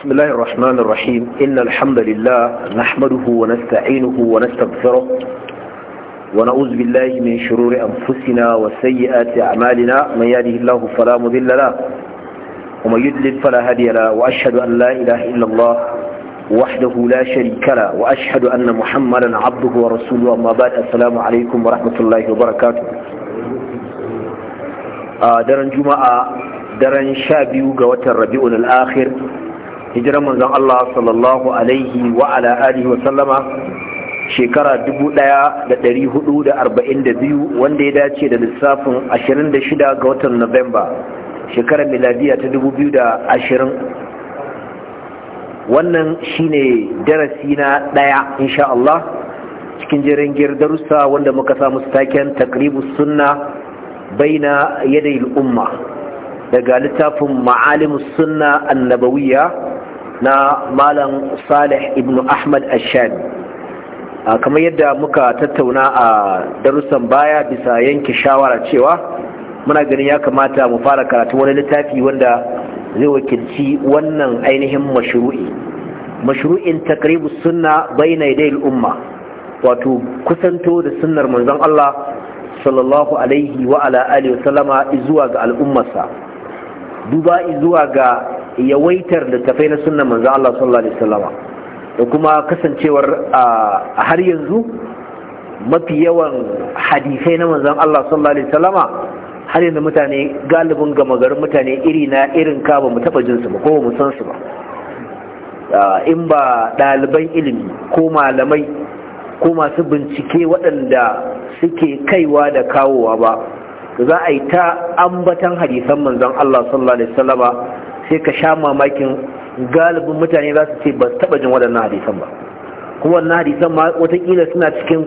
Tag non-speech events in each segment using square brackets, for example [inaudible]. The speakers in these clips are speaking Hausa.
بسم الله الرحمن الرحيم إن الحمد لله نحمده ونستعينه ونستغفره ونعوذ بالله من شرور أنفسنا وسيئات أعمالنا من يهده الله فلا مضل له ومن يضلل فلا هادي له وأشهد أن لا إله إلا الله وحده لا شريك له وأشهد أن محمدا عبده ورسوله أما بعد السلام عليكم ورحمة الله وبركاته آه درن جمعة daren sha biyu ga watan rabi'un al'akhir hijiran manzon Allah sallallahu alaihi wa ala alihi wa sallama shekara 1442 wanda ya dace da lissafin 26 ga watan Nuwamba shekarar miladiya ta 2020 wannan shine darasi na daya insha Allah cikin jerin darussa wanda muka samu taken takribu sunna baina yadayil umma daga littafin ma'alimus sunna annabawiyya na malam salih ibn ahmad ashami kamar yadda muka tattauna a darussan baya bisa yanke shawara cewa muna ganin ya kamata mu fara karatu wani littafi wanda zai wakilci wannan ainihin mashru'i mashru'in takribu sunna bayna al umma wato kusanto da sunnar manzon Allah sallallahu alaihi wa ala alihi wa sallama zuwa ga al'ummarsa duba zuwa ga yawaitar littafai na sunan manzo Allah sallallahu alaihi wasallama da kuma kasancewar har yanzu mafi yawan hadisai na manzo Allah sallallahu alaihi wasallama har yanzu mutane galibin gama garin mutane iri na irin ka ba mu taba jin su ba ko mu san su ba in ba ɗaliban ilimi ko malamai ko masu bincike waɗanda suke kaiwa da kawowa ba za a yi ta ambatan hadisan manzon Allah sallallahu alaihi wasallama sai ka sha mamakin galibin mutane za su ce ba su taba jin waɗannan hadisan ba kuma wannan hadisan ma watakila suna cikin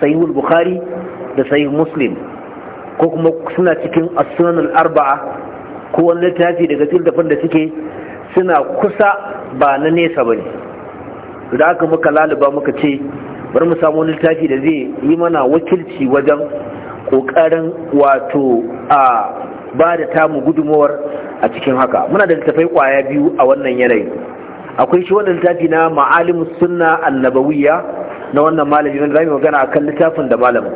sahihul bukhari da sahih muslim ko kuma suna cikin as-sunan arbaa ko wani littafi daga cikin da suke suna kusa ba na nesa bane da aka muka laluba muka ce bari mu samu littafi da zai yi mana wakilci wajen kokarin wato a ba da tamu gudumawar a cikin haka muna da littafai kwaya biyu a wannan yanayi akwai shi wannan littafi na ma'alimu sunna annabawiyya na wannan malami wanda zamu magana akan littafin da malamin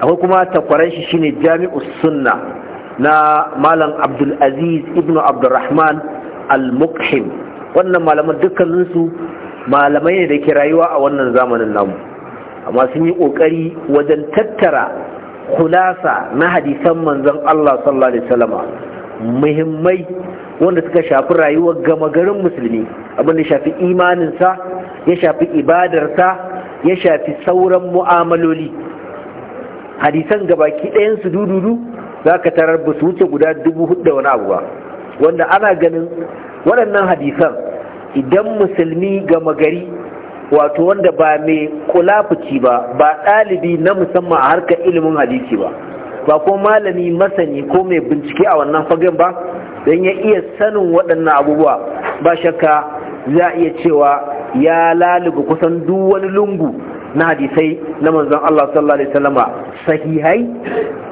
akwai kuma takwaran shi shine jami'us sunna na malam abdul aziz ibn abdurrahman al-muqhim wannan malaman dukkaninsu malamai ne da ke rayuwa a wannan zamanin namu amma sun yi kokari wajen tattara kulasa na hadisan manzon Allah sallallahu alaihi wasallama muhimmai wanda suka shafi rayuwar gama garin musulmi abin da shafi imaninsa ya shafi ibadarsa ya shafi sauran mu'amaloli hadisan gabaki ɗayan su dududu za ka tarar ba su wuce guda dubu hudu da wani abu wanda ana ganin waɗannan hadisan idan musulmi gama gari wato wanda ba mai kulafuci ba ba ɗalibi na musamman a harkar ilimin hadisi ba ba ko malami masani ko mai bincike a wannan fagen ba don ya iya sanin waɗannan abubuwa ba shakka za a iya cewa ya lalubu kusan duk wani lungu na hadisai na manzon Allah sallallahu alaihi wasallama sahihai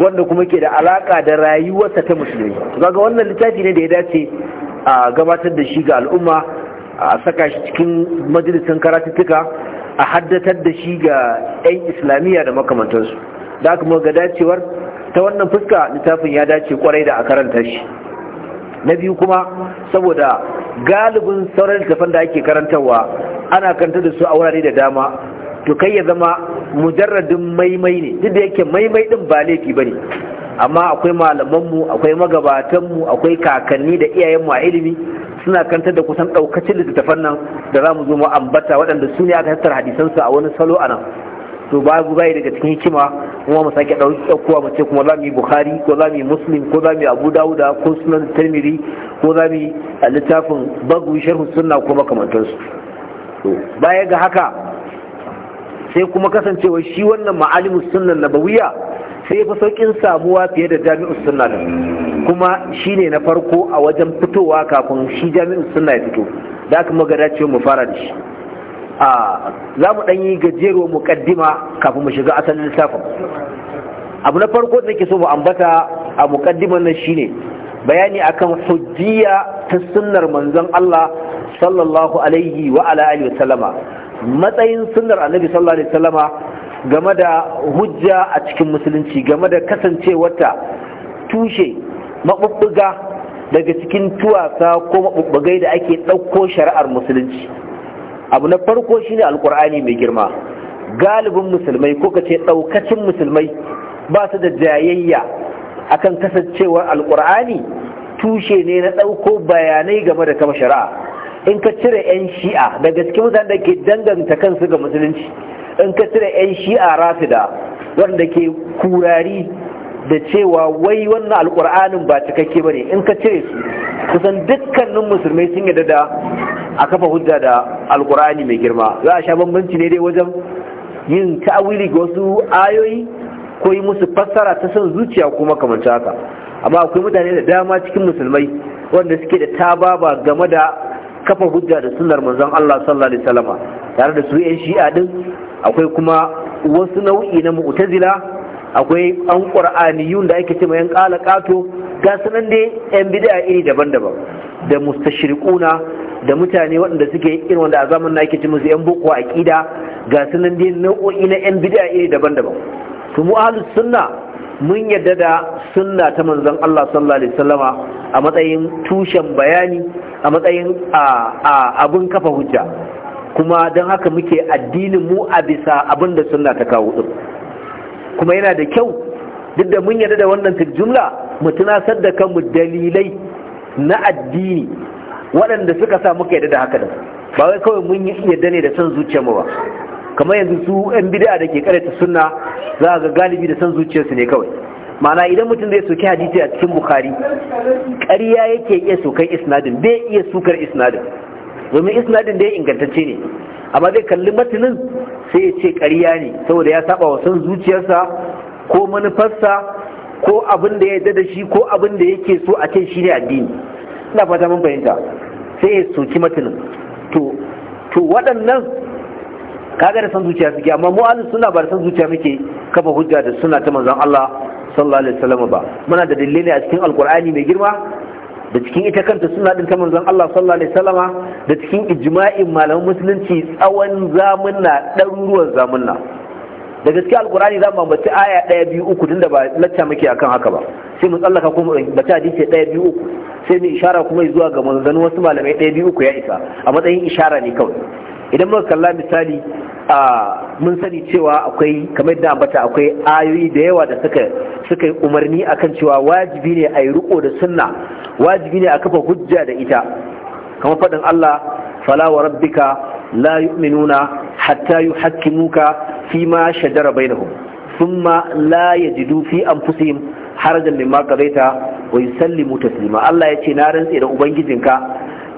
wanda kuma ke da alaka da rayuwarsa ta musulmi kaga wannan littafi ne da ya dace a gabatar da shi ga al'umma a saka shi cikin majalisun karatuttuka a haddatar da shi ga 'yan islamiyya da makamantansu da aka ga dacewar ta wannan fuska littafin ya dace kwarai da a karanta shi na biyu kuma saboda galibin sauran littafan da ake karantarwa ana karanta da su a wurare da dama to kai ya zama mujarradin maimai ne duk da yake maimai din ba laifi ba ne. amma akwai malamanmu akwai magabatanmu akwai kakanni da iyayenmu a ilimi suna kantar da kusan daukacin littattafan nan da za mu zo mu ambata waɗanda su ne aka tattara hadisansu a wani salo a nan to babu bai daga cikin hikima kuma mu sake ɗaukowa mu ce kuma za mu yi bukhari ko za mu yi muslim ko za mu yi abu dawuda ko sunan tirmidhi ko za mu yi littafin bagu sharhu sunna ko makamantansu to baya ga haka sai kuma kasancewa shi wannan ma'alimus sunnan nabawiyya sai fa saukin samuwa fiye da jami'in sunna din kuma shine na farko a wajen fitowa kafin shi jami'in sunna ya fito da kuma ga dace mu fara da shi a za mu dan yi gajero muqaddima kafin mu shiga asalin lissafin abu na farko da nake so mu ambata a muqaddiman nan shine bayani akan hujjiya ta sunnar manzon Allah sallallahu alaihi wa ala alihi sallama matsayin sunnar annabi sallallahu alaihi wasallama game da hujja a cikin musulunci game da kasancewarta tushe maɓuɓɓuga daga cikin tuwasa ko maɓuɓɓugai da ake ɗauko shari'ar musulunci abu na farko shine alkur'ani mai girma galibin musulmai ko ka ce ɗaukacin musulmai ba su da jayayya akan kasancewar alkur'ani tushe ne na ɗauko bayanai game da kama shari'a in ka cire 'yan shi'a daga cikin mutane da ke danganta kansu ga musulunci in ka cire 'yan shi'a rafida wanda ke kurari da cewa wai wannan Alƙur'anin ba cikakke ba ne in ka cire su kusan dukkanin musulmai sun yi da a kafa hujja da alkur'ani mai girma za a sha bambanci ne dai wajen yin ta'awili ga wasu ayoyi ko yi musu fassara ta son zuciya kuma kamar haka amma akwai mutane da dama cikin musulmai wanda suke da tababa game da kafa hujja da sunnar manzon Allah sallallahu alaihi wasallam tare da su yan shi'a din akwai kuma wasu nau'i na mu'tazila akwai an qur'aniyun da ake cewa yan qala qato ga sanan dai yan bid'a iri daban-daban da mustashriquna da mutane waɗanda suke irin wanda a zamanin na ake ce musu yan boko aqida ga sanan dai nau'o'i na yan bid'a iri daban-daban to mu ahlus sunna mun yadda da sunna ta manzon Allah sallallahu alaihi wasallama a matsayin tushen bayani a matsayin a abun kafa hujja kuma don haka muke addinin mu a bisa abin da sunna ta kawo ɗin kuma yana da kyau duk da mun yarda da wannan jumla mu tunasar da kanmu dalilai na addini waɗanda suka sa muka yarda da haka da ba wai kawai mun yarda ne da son zuciya mu ba kamar yanzu su yan bid'a da ke karanta sunna za ga galibi da son zuciyarsu ne kawai mana idan mutum zai soki hadisi a cikin bukhari ƙarya yake iya sokan isnadin bai iya sukar isnadin domin isnadin da ya ingantacce ne amma zai kalli matanin sai ya ce ƙarya ne saboda ya saba wa son zuciyarsa ko manufarsa ko abin da ya yarda da shi ko abin da yake so a ce shi ne addini ina fata mun fahimta sai ya soki matanin to to waɗannan kaga da san zuciya suke amma mu ahlus suna ba da san zuciya muke kafa hujja da sunna ta manzon Allah sallallahu alaihi wasallam ba muna da ne a cikin alqur'ani mai girma da cikin ita kanta suna ɗin ta manzon Allah sallallahu alaihi wasallama da cikin ijma'in malaman musulunci tsawon zamunna ɗaruruwan zamunna da gaske alkurani za mu ambaci aya ɗaya biyu uku tun da ba lacca muke akan haka ba sai mu tsallaka kuma bace hadisi ɗaya biyu uku sai mu ishara kuma zuwa ga manzan wasu malamai ɗaya biyu uku ya isa a matsayin ishara ne kawai idan muka kalla misali a mun sani cewa akwai kamar yadda ambata akwai ayoyi da yawa da suka suka umarni akan cewa wajibi ne a yi riko da sunna wajibi ne a kafa hujja da ita kamar faɗin Allah falawa rabbika la yu'minuna hatta yuhakkimuka fi ma shajara bainahum thumma la yajidu fi anfusihim harajan mimma qadaita wa yusallimu taslima Allah yace na rantse da ubangijinka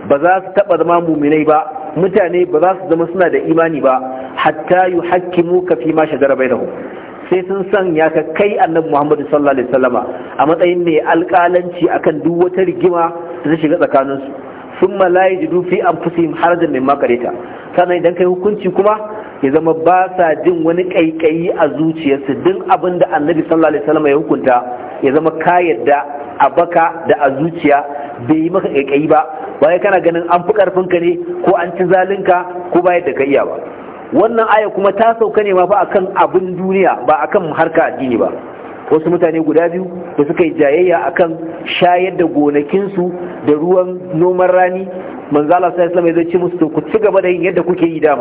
ba za su taba zama muminai ba mutane ba za su zama suna da imani ba hatta yuhakkimuka fi ma shajara bainahum sai sun sanya ka kai annabi Muhammadu sallallahu alaihi wasallama a matsayin mai alƙalanci akan duk wata rigima da ta shiga tsakanin su, sun malayi jidu fi an fusi da mai makareta sannan idan kai hukunci kuma ya zama ba sa jin wani ƙaiƙayi a zuciyarsu duk abin da annabi sallallahu alaihi wasallama ya hukunta ya zama ka yadda a baka da a zuciya bai yi maka ƙaiƙayi ba baya kana ganin an fi ƙarfinka ne ko an ci zalinka ko ba yadda ka iya ba wannan aya kuma ta sauka ne ma ba akan abin duniya ba akan harka addini ba wasu mutane guda biyu da suka yi jayayya akan shayar da gonakinsu da ruwan noman rani Manzala sai islam ya zai musu ku ci gaba da yin yadda kuke yi da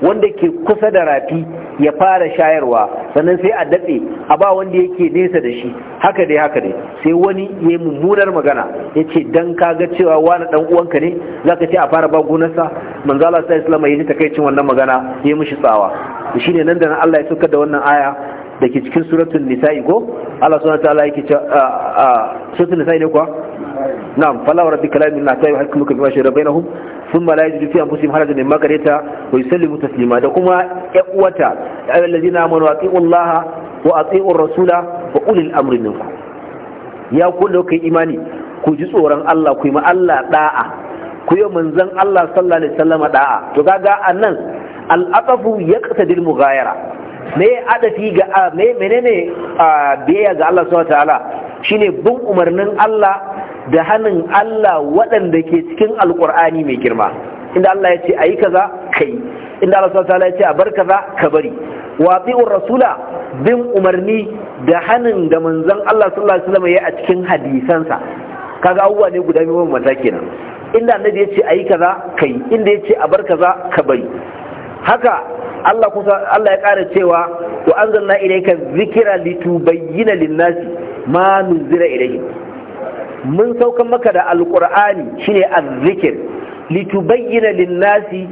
wanda ke kusa da rafi ya fara shayarwa sannan sai a datse a ba wanda yake nesa da shi haka dai haka dai sai wani yayi mummunar magana ya yace dan ga cewa wani dan uwanka ne za ka ce a fara ba gonarsa manzala sai islam ya ji takaicin wannan magana ya mishi tsawa shi ne nan da nan Allah ya saukar da wannan aya da ke cikin suratul nisa'i ko Allah subhanahu wa ta'ala yake cewa suratul nisa'i ne kuwa na'am fala rabbika la ilaha illa huwa yahkumu bima shara bainahum thumma la yajidu fi anfusihim harajan mimma qadaita wa yusallimu taslima da kuma yaqwata allazina amanu atiu Allah wa atiu rasula wa ulil amri ya ku kai imani ku ji tsoron Allah ku yi ma Allah da'a ku yi manzon Allah sallallahu alaihi wasallam da'a to kaga anan al'aqafu yaqtadil mughayara me adafi ga menene biyayya ga Allah subhanahu wa ta'ala shine bin umarnin Allah da hannun Allah waɗanda ke cikin alkur'ani mai girma inda Allah ya ce a yi kaza kai inda Allah subhanahu ya ce a bar kaza ka bari wati'ur rasula bin umarni da hannun da manzon Allah sallallahu alaihi wasallam ya a cikin hadisansa kaga abubuwa ne guda biyu mata kenan inda annabi ya ce yi kaza kai inda ya ce a bar kaza ka bari haka Allah kusa Allah ya ƙara cewa wa anzalna ilayka dhikra litubayyana lin-nasi ma nunzira ilayhim mun sauka maka da alkur'ani shine azzikir litubayyana lin-nasi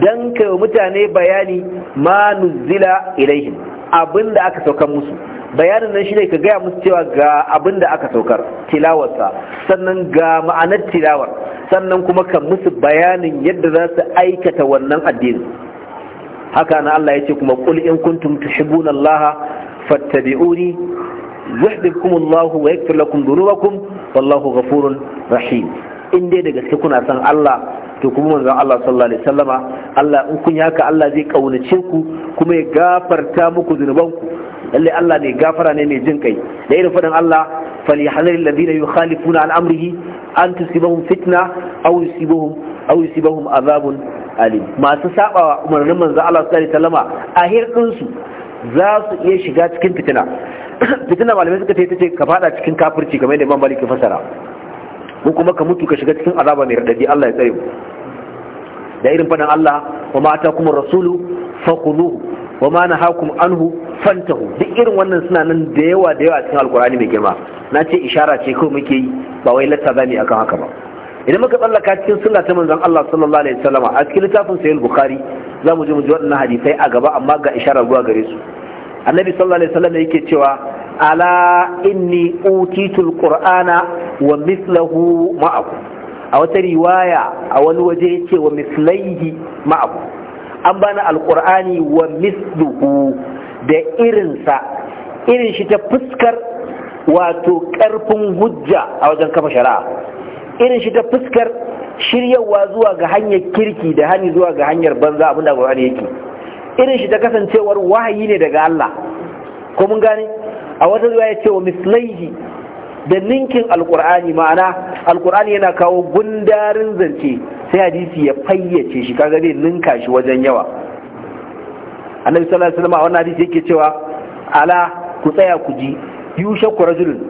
dan kai mutane bayani ma nuzila ilaihim abinda aka saukan musu bayanin nan shine ka gaya musu cewa ga abinda aka saukar tilawarsa sannan ga ma'anar tilawar sannan kuma ka musu bayanin yadda za su aikata wannan addini haka na Allah ya ce kuma qul in kuntum tuhibbuna Allah fattabi'uni yahdikum Allah wa yaghfir lakum dhunubakum wallahu ghafurur rahim in dai da gaske kuna san Allah to kuma manzon Allah sallallahu alaihi wasallama Allah in kun yaka Allah zai kaunace ku kuma ya gafarta muku zunubanku lalle Allah ne gafara ne mai jin kai da irin fadin Allah falyahdhar alladhina yukhalifuna an amrihi an tusibahum fitna aw yusibahum aw yusibahum azabun alim masu sabawa umarnin manzon Allah sallallahu alaihi wasallama ahir din su za su iya shiga cikin fitina fitina malamai suka ta ce ka fada cikin kafirci kamar yadda imam malik fasara ko kuma ka mutu ka shiga cikin azaba mai radadi Allah ya tsare mu da irin fadan Allah wa ma kuma rasulu faqunuhu wa ma nahakum anhu fantahu duk irin wannan suna nan da yawa da yawa cikin alkurani mai girma na ce ishara ce kawai muke yi ba wai latta bane akan haka ba idan muka tsallaka cikin sunna ta manzon Allah sallallahu alaihi wasallama a cikin littafin sahih bukhari za mu je mu ji waɗannan hadisai a gaba amma ga isharar zuwa gare su annabi sallallahu alaihi wasallam yake cewa ala inni utitul qur'ana wa mislahu ma'akum a wata riwaya a wani waje yake wa mislaihi ma'aku an bani alqur'ani wa misluhu da irinsa irin shi ta fuskar wato karfin hujja a wajen kafa shari'a irin shi ta fuskar shiryawa zuwa ga hanyar kirki da hani zuwa ga hanyar banza abinda wani yake irin shi ta kasancewar wahayi ne daga Allah ko mun gane a wata zuwa ya ce wa mislaihi da ninkin alkur'ani ma'ana alkur'ani yana kawo gundarin zance sai hadisi ya fayyace shi kaga zai ninka shi wajen yawa annabi sallallahu alaihi wasallam a wannan hadisi yake cewa ala ku tsaya ku ji yushaku rajulun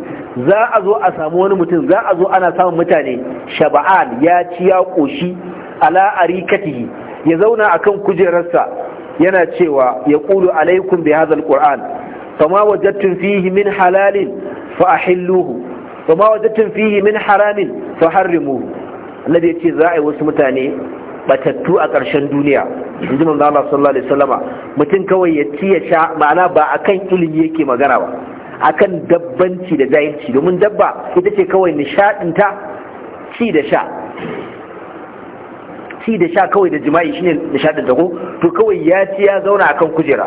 za a zo a samu wani mutum za a zo ana samun mutane shaba'an ya ci ya koshi ala arikatihi ya zauna akan kujerarsa yana cewa ya kulu alaikum bi hadha فما وجدتم فيه min halalin fa فما وجدتم فيه من حرام haramin الذي يأتي yace za a wasu mutane batattu a ƙarshen duniya in ji manzo Allah sallallahu alaihi wasallama mutum kawai ya ci ya sha ma'ana ba akan ilimi yake magana ba akan dabbanci da zahilci domin dabba ita ce kawai nishadinta ci da sha ci da sha kawai da jima'i shine nishadinta ko to kawai ya ci ya zauna akan kujera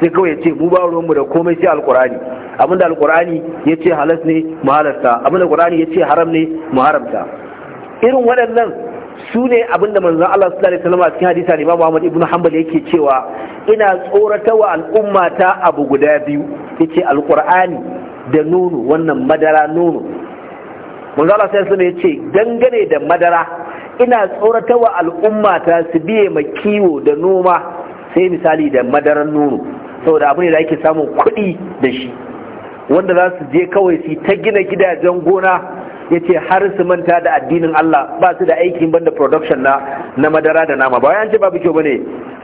sai kawai ya ce mu ba ruwanmu da komai sai alkur'ani abinda alkur'ani ya ce halas ne mu halasta abinda alkur'ani ya ce haram ne mu haramta irin waɗannan su ne abinda manzon Allah sallallahu alaihi wasallam a cikin hadisi Imam Muhammad ibn Hanbal yake cewa ina tsorata wa al'umma ta abu guda biyu yace alkur'ani da nono wannan madara nono manzon Allah sallallahu alaihi wasallam yace dangane da madara ina tsorata wa al'umma ta su biye ma kiwo da noma sai misali da madaran nono saboda abu ne da ake samun kuɗi da shi wanda za su je kawai su ta gina gidajen gona ya ce har su manta da addinin Allah ba su da aikin banda production na na madara da nama ba an ce babu kyau bane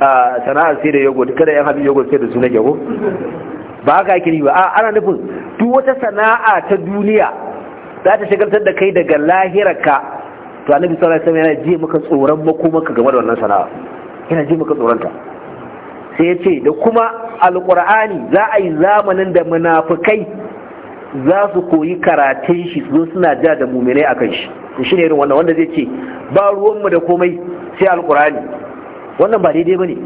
a sana'ar sai da yogurt kada yan habin yogurt sai da su na gyago ba haka yake yi ba a ana nufin duk wata sana'a ta duniya za ta shagaltar da kai daga lahirarka to annabi sallallahu alaihi wasallam yana ji maka tsoron makomaka game da wannan sana'a yana ji maka tsoron ta sai ya ce da kuma alkur'ani za a yi zamanin da munafukai za su koyi karatun shi zo suna ja da muminai a kan shi shi ne irin wannan wanda zai ce ba ruwanmu da komai sai alkur'ani wannan ba daidai ba ne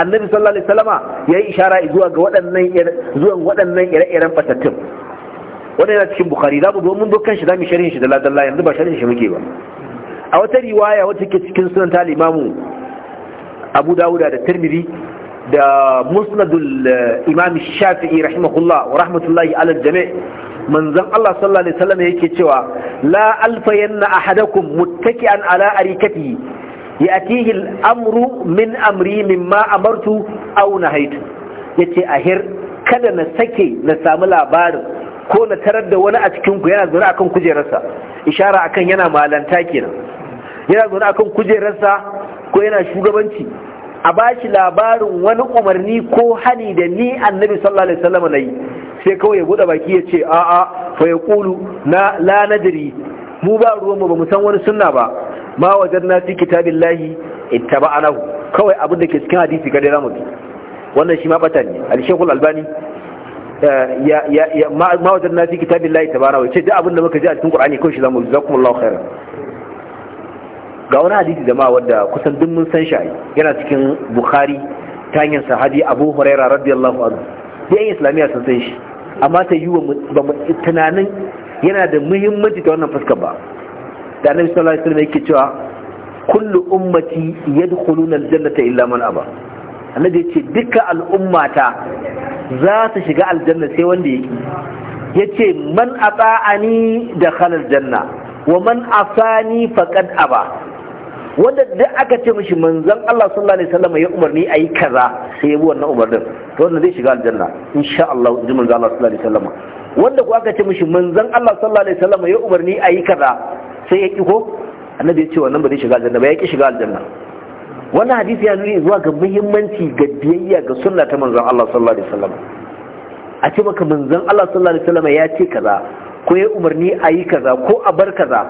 annabi sallallahu alaihi wasallama ya yi ishara zuwa ga waɗannan zuwa waɗannan ire-iren fatattun wannan yana cikin bukhari za mu zo mun dokan shi za mu sharhin shi da ladalla yanzu ba sharhin shi muke ba a wata riwaya wacce ke cikin sunan talimamu abu dawuda da tirmidhi da musnadul eh, imam shafi'i rahimahullah wa rahmatullahi ala jami' manzon Allah sallallahu alaihi wasallam yake cewa la alfayanna ahadakum muttaki'an ala arikati ya'tihi al-amru min amri mimma amartu aw nahaitu yace ahir kada na sake na samu labarin ko na tarar da wani a cikin ku yana zaune akan kujerarsa ishara akan yana malanta kenan yana zaune akan kujerarsa ko yana shugabanci a bashi labarin wani umarni ko hani da ni annabi sallallahu alaihi wasallam nayi sai kawai ya bude baki ya ce a'a fa qulu na la nadri mu ba ruwan mu bamu san wani sunna ba ma wajadna fi kitabillahi ittaba'anahu kawai abin da ke cikin hadisi kada zamu bi wannan shi ma bata ne al-shaykhul albani eh, ya ya ma wajadna fi kitabillahi ya ce duk abin da muka ji a cikin qur'ani kawai shi zamu bi jazakumullahu khairan ga wani hadisi ma wanda kusan duk mun san shi yana cikin bukhari ta hanyar sahabi abu huraira radiyallahu anhu da yan islamiyya sun san shi amma ta yi ba tunanin yana da muhimmanci ta wannan fuskar ba da annabi sallallahu alaihi wasallam yake cewa kullu ummati yadkhuluna aljannata illa man aba annabi yace dukkan al'ummata za su shiga aljanna sai wanda yake yace man ata'ani khalal janna, wa man asani faqad aba wanda duk aka ce mishi manzon Allah sallallahu alaihi wasallam ya umarni ayi kaza sai ya bi wannan umarnin to wannan zai shiga aljanna insha Allah ji manzon Allah sallallahu alaihi wasallam wanda ku aka ce mishi manzon Allah sallallahu alaihi wasallam ya umarni ayi kaza sai ya ki ko annabi ya ce wannan ba zai shiga aljanna ba ya ki shiga aljanna wannan hadisi ya nuna zuwa ga muhimmanci ga biyayya ga sunna ta manzon Allah sallallahu alaihi wasallam a ce maka manzon Allah sallallahu alaihi wasallam ya ce kaza ko ya umarni ayi kaza ko a bar kaza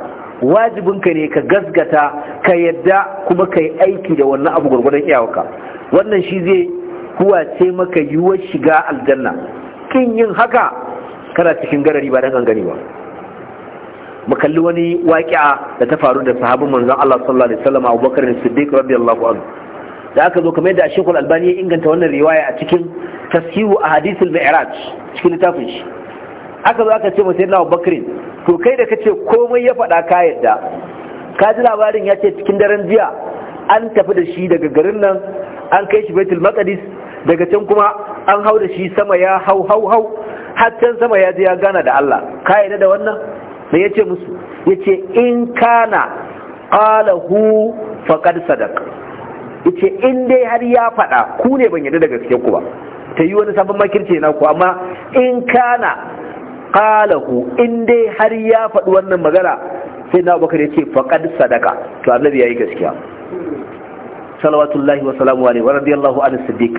Wajibin ka ne ka gasgata ka yadda kuma ka yi aiki da wannan abu gwargwadon iyawaka wannan shi zai kuwace maka yiwuwar shiga aljanna kin yin haka kana cikin garari ba dan an gani ba mu kalli wani waƙi'a da ta faru da sahabin manzon Allah sallallahu alaihi wasallam Abubakar Siddiq radiyallahu anhu da aka zo kamar yadda Sheikh Al-Albani ya inganta wannan riwaya a cikin tasiru a mi'raj cikin littafin aka zo aka ce mu Abu bakrin to kai da kace komai ya faɗa ka yadda ka ji labarin ya ce cikin daren jiya an tafi da shi daga garin nan an kai shi Baitul Maqdis daga can kuma an hau da shi sama ya hau hau hau har can sama ya je ya gana da Allah ka yadda da wannan me ce musu Ya ce in kana qalahu faqad sadaq Ya ce in dai har ya faɗa ku ne ban yadda da gaske ku ba ta yi wani sabon makirce na ku amma in kana qalahu in dai har ya faɗi wannan magana sai na bakar ya ce faqad sadaka to annabi yayi gaskiya salawatullahi wa salamu alaihi wa radiyallahu anhu siddiq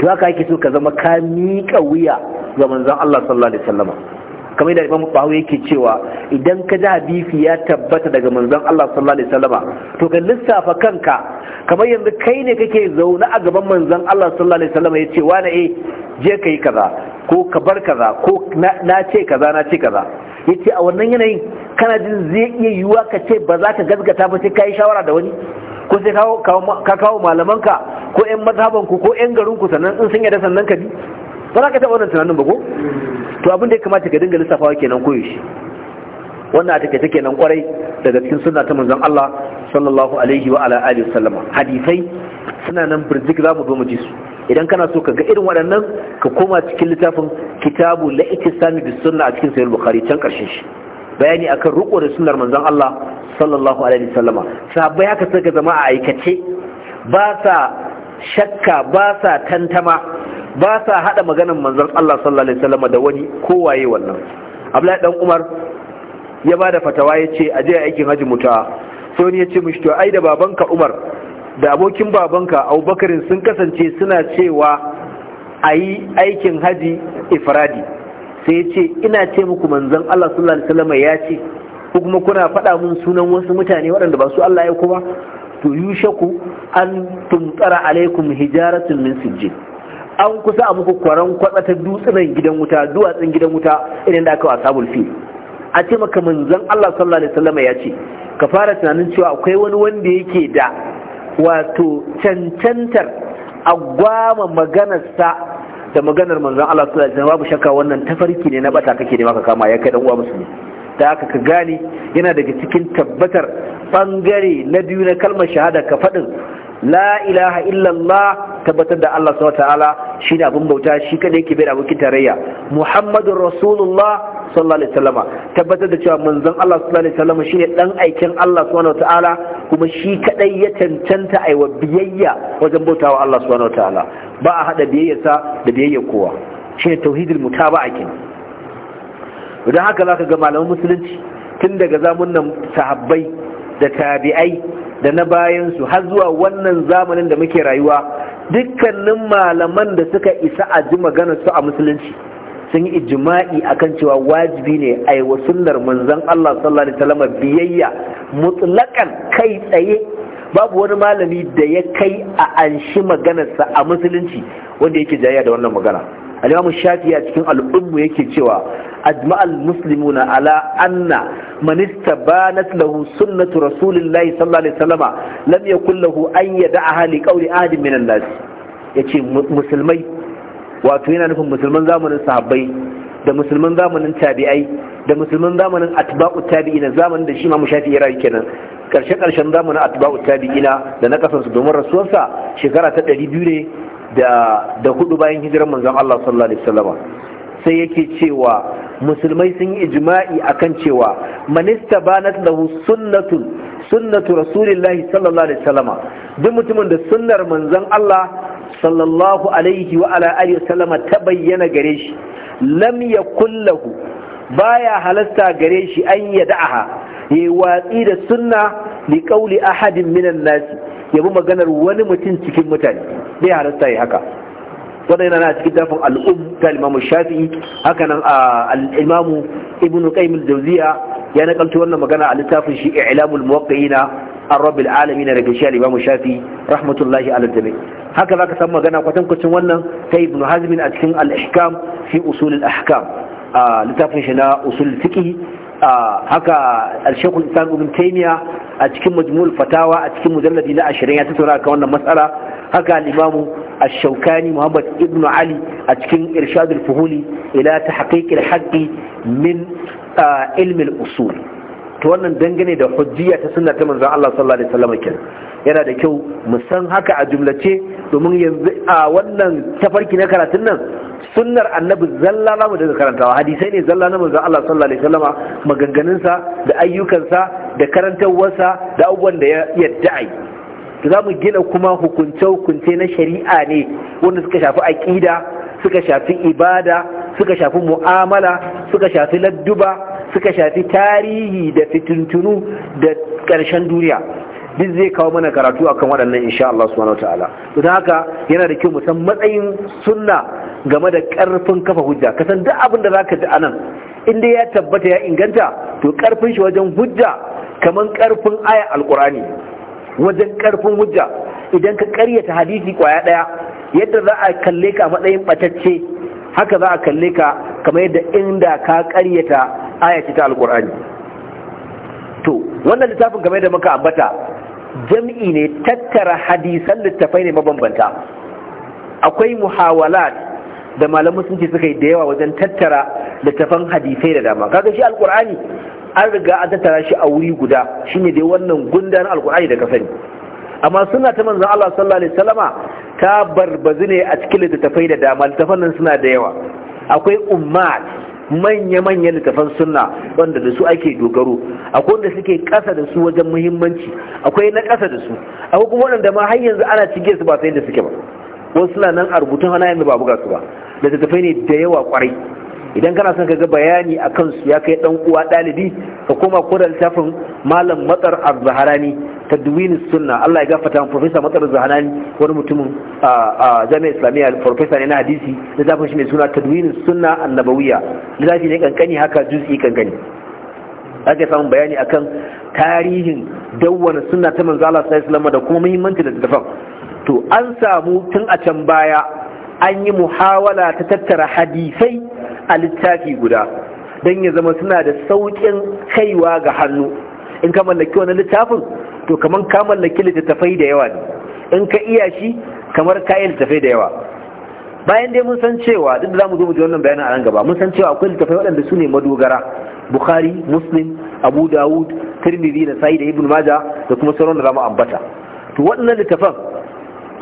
to haka yake so ka zama ka miƙa wuya ga manzon Allah sallallahu alaihi wasallam kamar da Imam Bahawi yake cewa idan ka ji hadisi ya tabbata daga manzon Allah sallallahu alaihi wasallam to ka lissafa kanka kamar yanzu kai ne kake zaune a gaban manzon Allah sallallahu alaihi wasallama yace wani eh je kai kaza ko ka bar kaza ko na ce kaza na ce kaza yace a wannan yanayin kana jin zai iya yiwuwa ka ce ba za ka gazgata ba sai kai shawara da wani ko sai ka kawo malamanka ko 'yan ku ko 'yan ku sannan in sun da sannan ka bi ba za ka taɓa wannan tunanin ba ko to abin da ya kamata ka dinga lissafawa kenan koyaushe wannan a take kenan kwarai daga cikin sunna ta manzon Allah sallallahu alaihi wa ala alihi wasallama hadisai suna nan birjik za mu zo mu ji su idan kana so ka ga irin waɗannan ka koma cikin littafin kitabu la ittisami bis sunna a cikin sahih bukhari can karshen shi bayani akan riko da sunnar manzon Allah sallallahu alaihi wasallama sahabbai haka suka zama a aikace ba sa shakka ba sa tantama ba sa hada maganar manzon Allah sallallahu alaihi wasallama da wani kowaye wannan Abdullahi dan Umar ya bada fatawa yace aje aikin haji muta sai wani yace mishi to ai da babanka Umar da abokin babanka abubakarin sun kasance suna cewa a yi aikin haji ifradi sai ya ce ina ce muku manzan Allah sallallahu alaihi ya ce ko kuma kuna faɗa mun sunan wasu mutane waɗanda ba su Allah ya kuma to yushaku an tumtara alaikum hijaratun min sijjin an kusa a muku kwaran kwatsata dutsen dutsunan gidan wuta duwatsun gidan wuta idan da aka wa sabul fi a ce maka manzan Allah sallallahu alaihi ya ce ka fara tunanin cewa akwai wani wanda yake da wato cancantar agwama maganarsa da maganar manzon Allah sallallahu da babu shakka wannan tafarki ne na bata kake ne maka kama ya kai dan uwa musulmi da aka ka gane yana daga cikin tabbatar bangare na biyu na kalmar shahada ka faɗin la ilaha illallah tabbatar da Allah subhanahu shi shine abin bauta shi kada yake bai da abokin tarayya muhammadur rasulullah sallallahu alaihi wasallama tabbatar da cewa manzon Allah sallallahu alaihi wasallama shine dan aikin Allah subhanahu wataala kuma shi kadai ya cancanta aiwa biyayya wajen bautawa Allah subhanahu wataala ba a hada biyayyarsa da biyayyar kowa shine tauhidul mutaba'a kenan Idan haka zaka ga malaman musulunci tun daga zamunan sahabbai da tabi'ai da na bayansu har zuwa wannan zamanin da muke rayuwa dukkanin malaman da suka isa a ji maganar su a musulunci sun yi ijma'i akan cewa wajibi ne a yi wa sunnar manzon Allah sallallahu alaihi wasallam biyayya mutlaqan kai tsaye babu wani malami da ya kai a anshi maganarsa a musulunci wanda yake jayya da wannan magana al-imam shafi a cikin al'ummu yake cewa ajma'al muslimuna ala anna man istabanat lahu sunnatu rasulillahi sallallahu alaihi wasallam lam yakul lahu an yada'aha li qawli ahad min an-nas yace musulmai wato yana nufin musulman zamanin sahabbai da musulman zamanin tabi'ai da musulman zamanin atba'u tabi'ina zamanin da shi ma mushafi irayi kenan karshe karshen zamanin atba'u tabi'ina da na su domin rasuwarsa shekara ta ɗari biyu ne da hudu bayan hijirar manzon Allah sallallahu alaihi wasallam sai yake cewa musulmai sun yi ijma'i akan cewa manista banat lahu sunnatun sunnatu rasulillahi sallallahu alaihi wasallam duk mutumin da sunnar manzon Allah sallallahu alaihi wa ala alihi sallama ta bayyana gare shi lam yakul lahu baya halasta gare shi an yada'aha Ya watsi da sunna li qawli ahadin minan nas yabi maganar wani mutum cikin mutane bai halasta ya haka wannan yana cikin tafin al'um ta imamu shafi'i haka nan al'imamu ibn qayyim al-jawziya ya nakalto wannan magana a littafin shi i'lamul muwaqqi'ina ar-rabbil alamin daga shi al-imamu shafi'i rahmatullahi ala jami' haka za ka samu magana kwatankwacin wannan ta ibnu hazmin a cikin al-ihkam fi usul al-ahkam a littafin shi na usul a haka al-shaykh al-islam ibn taymiya a cikin majmu'ul fatawa a cikin mujalladi na ashirin ya tattauna kan wannan matsala haka al-imam imamu Muhammad الشوكاني محمد ابن علي Fuhuli إرشاد الفهولي إلى تحقيق الحق من علم Usul. to wannan dangane da hujjiya ta sunna ta manzon Allah sallallahu alaihi wasallam kenan yana da kyau mu san haka a jumlace domin yanzu a wannan tafarki na karatun nan sunnar annabi zalla namu daga karantawa hadisai ne zalla namu zan Allah sallallahu alaihi wasallama maganganunsa da ayyukansa da karantawarsa da abubuwan da ya yadda za mu gina kuma hukunce-hukunce na shari'a ne wanda suka shafi aƙida suka shafi ibada suka shafi mu'amala suka shafi ladduba suka shafi tarihi da fitintunu da ƙarshen duniya duk zai kawo mana karatu akan waɗannan insha Allah subhanahu wataala to haka yana da kyau musan matsayin sunna game da karfin kafa hujja ka san duk abin da zaka ji anan in dai ya tabbata ya inganta to karfin shi wajen hujja kaman karfin aya alqurani wajen karfin hujja idan ka karyata hadisi kwaya daya yadda za a kalle ka matsayin batacce haka za a kalle ka kamar yadda inda ka karyata aya ta alqurani to wannan littafin game da muka ambata jam'i ne tattara hadisan littafai ne mabambanta akwai muhawalat da malamu musulunci ce suka yi da yawa wajen tattara littafan hadisai da dama kaga shi alkur'ani an riga an tattara shi a wuri guda shine dai wannan gundan alkur'ani da ka amma suna ta manzon Allah sallallahu alaihi wasallama ta barbazu ne a cikin littafai da dama littafan suna da yawa akwai ummat manya-manyan littafan sunna wanda da su ake dogaro akwai wanda suke kasa da su wajen muhimmanci akwai na kasa da su akwai kuma waɗanda ma har yanzu ana cike su ba sai da suke ba wasu suna nan a rubutun hana yanzu ba buga su ba da littafai ne da yawa kwarai idan kana son ka ga bayani a kansu ya kai dan uwa dalibi, ka koma ko da littafin malam matsar azzaharani Tadwinin sunna Allah ya gafarta mu professor Matsar Zahanani wani mutumin a Jami'ar Islamiyya professor ne na hadisi da zafin shi mai suna tadwini sunna annabawiyya littafi ne kankani haka juz'i kankani ake samun bayani akan tarihin dawwana sunna ta manzo Allah sallallahu alaihi da kuma muhimmanci da tafan to an samu tun a can baya an yi muhawala ta tattara hadisai a littafi guda don ya zama suna da sauƙin kaiwa ga hannu in ka mallaki wani littafin to kamar ka mallaki littattafai da yawa ne in ka iya shi kamar ka yi littattafai da yawa bayan dai mun san cewa duk da za mu zo mu ji wannan bayanin a nan gaba mun san cewa akwai littattafai waɗanda su ne madogara bukhari muslim abu dawud tirmidhi da sa'id ibn majah da kuma sauran da zamu ambata to waɗannan littattafan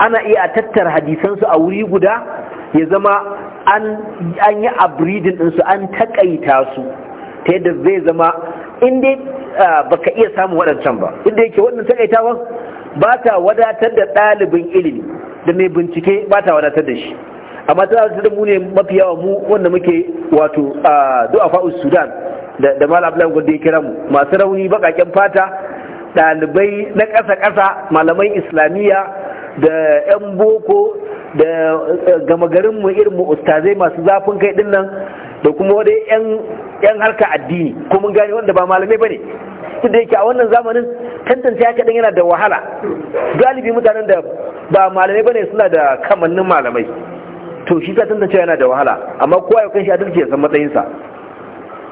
ana iya tattara hadisan su a wuri guda ya zama an yi abridin su, an takaita su ta yadda zai zama in dai baka iya samun waɗancan ba inda yake wannan takaitawan ba ta wadatar da ɗalibin ilimi da mai bincike ba ta wadatar da shi amma ta zata da mu ne mafi yawa mu wanda muke wato du'afa'us sudan da malam abdullahi gwanda ya kira mu masu rauni baƙaƙen fata ɗalibai na ƙasa-ƙasa malamai islamiyya da 'yan boko da gama garin mu irin mu ustazai masu zafin kai ɗin nan da kuma wani yan harka addini ko mun gane wanda ba malamai bane su da yake a wannan zamanin tantance ya kaɗan yana da wahala galibi mutanen da ba malamai bane suna da kamannin malamai to shi ta tantance yana da wahala amma kowa ya kanshi adalci ya san matsayinsa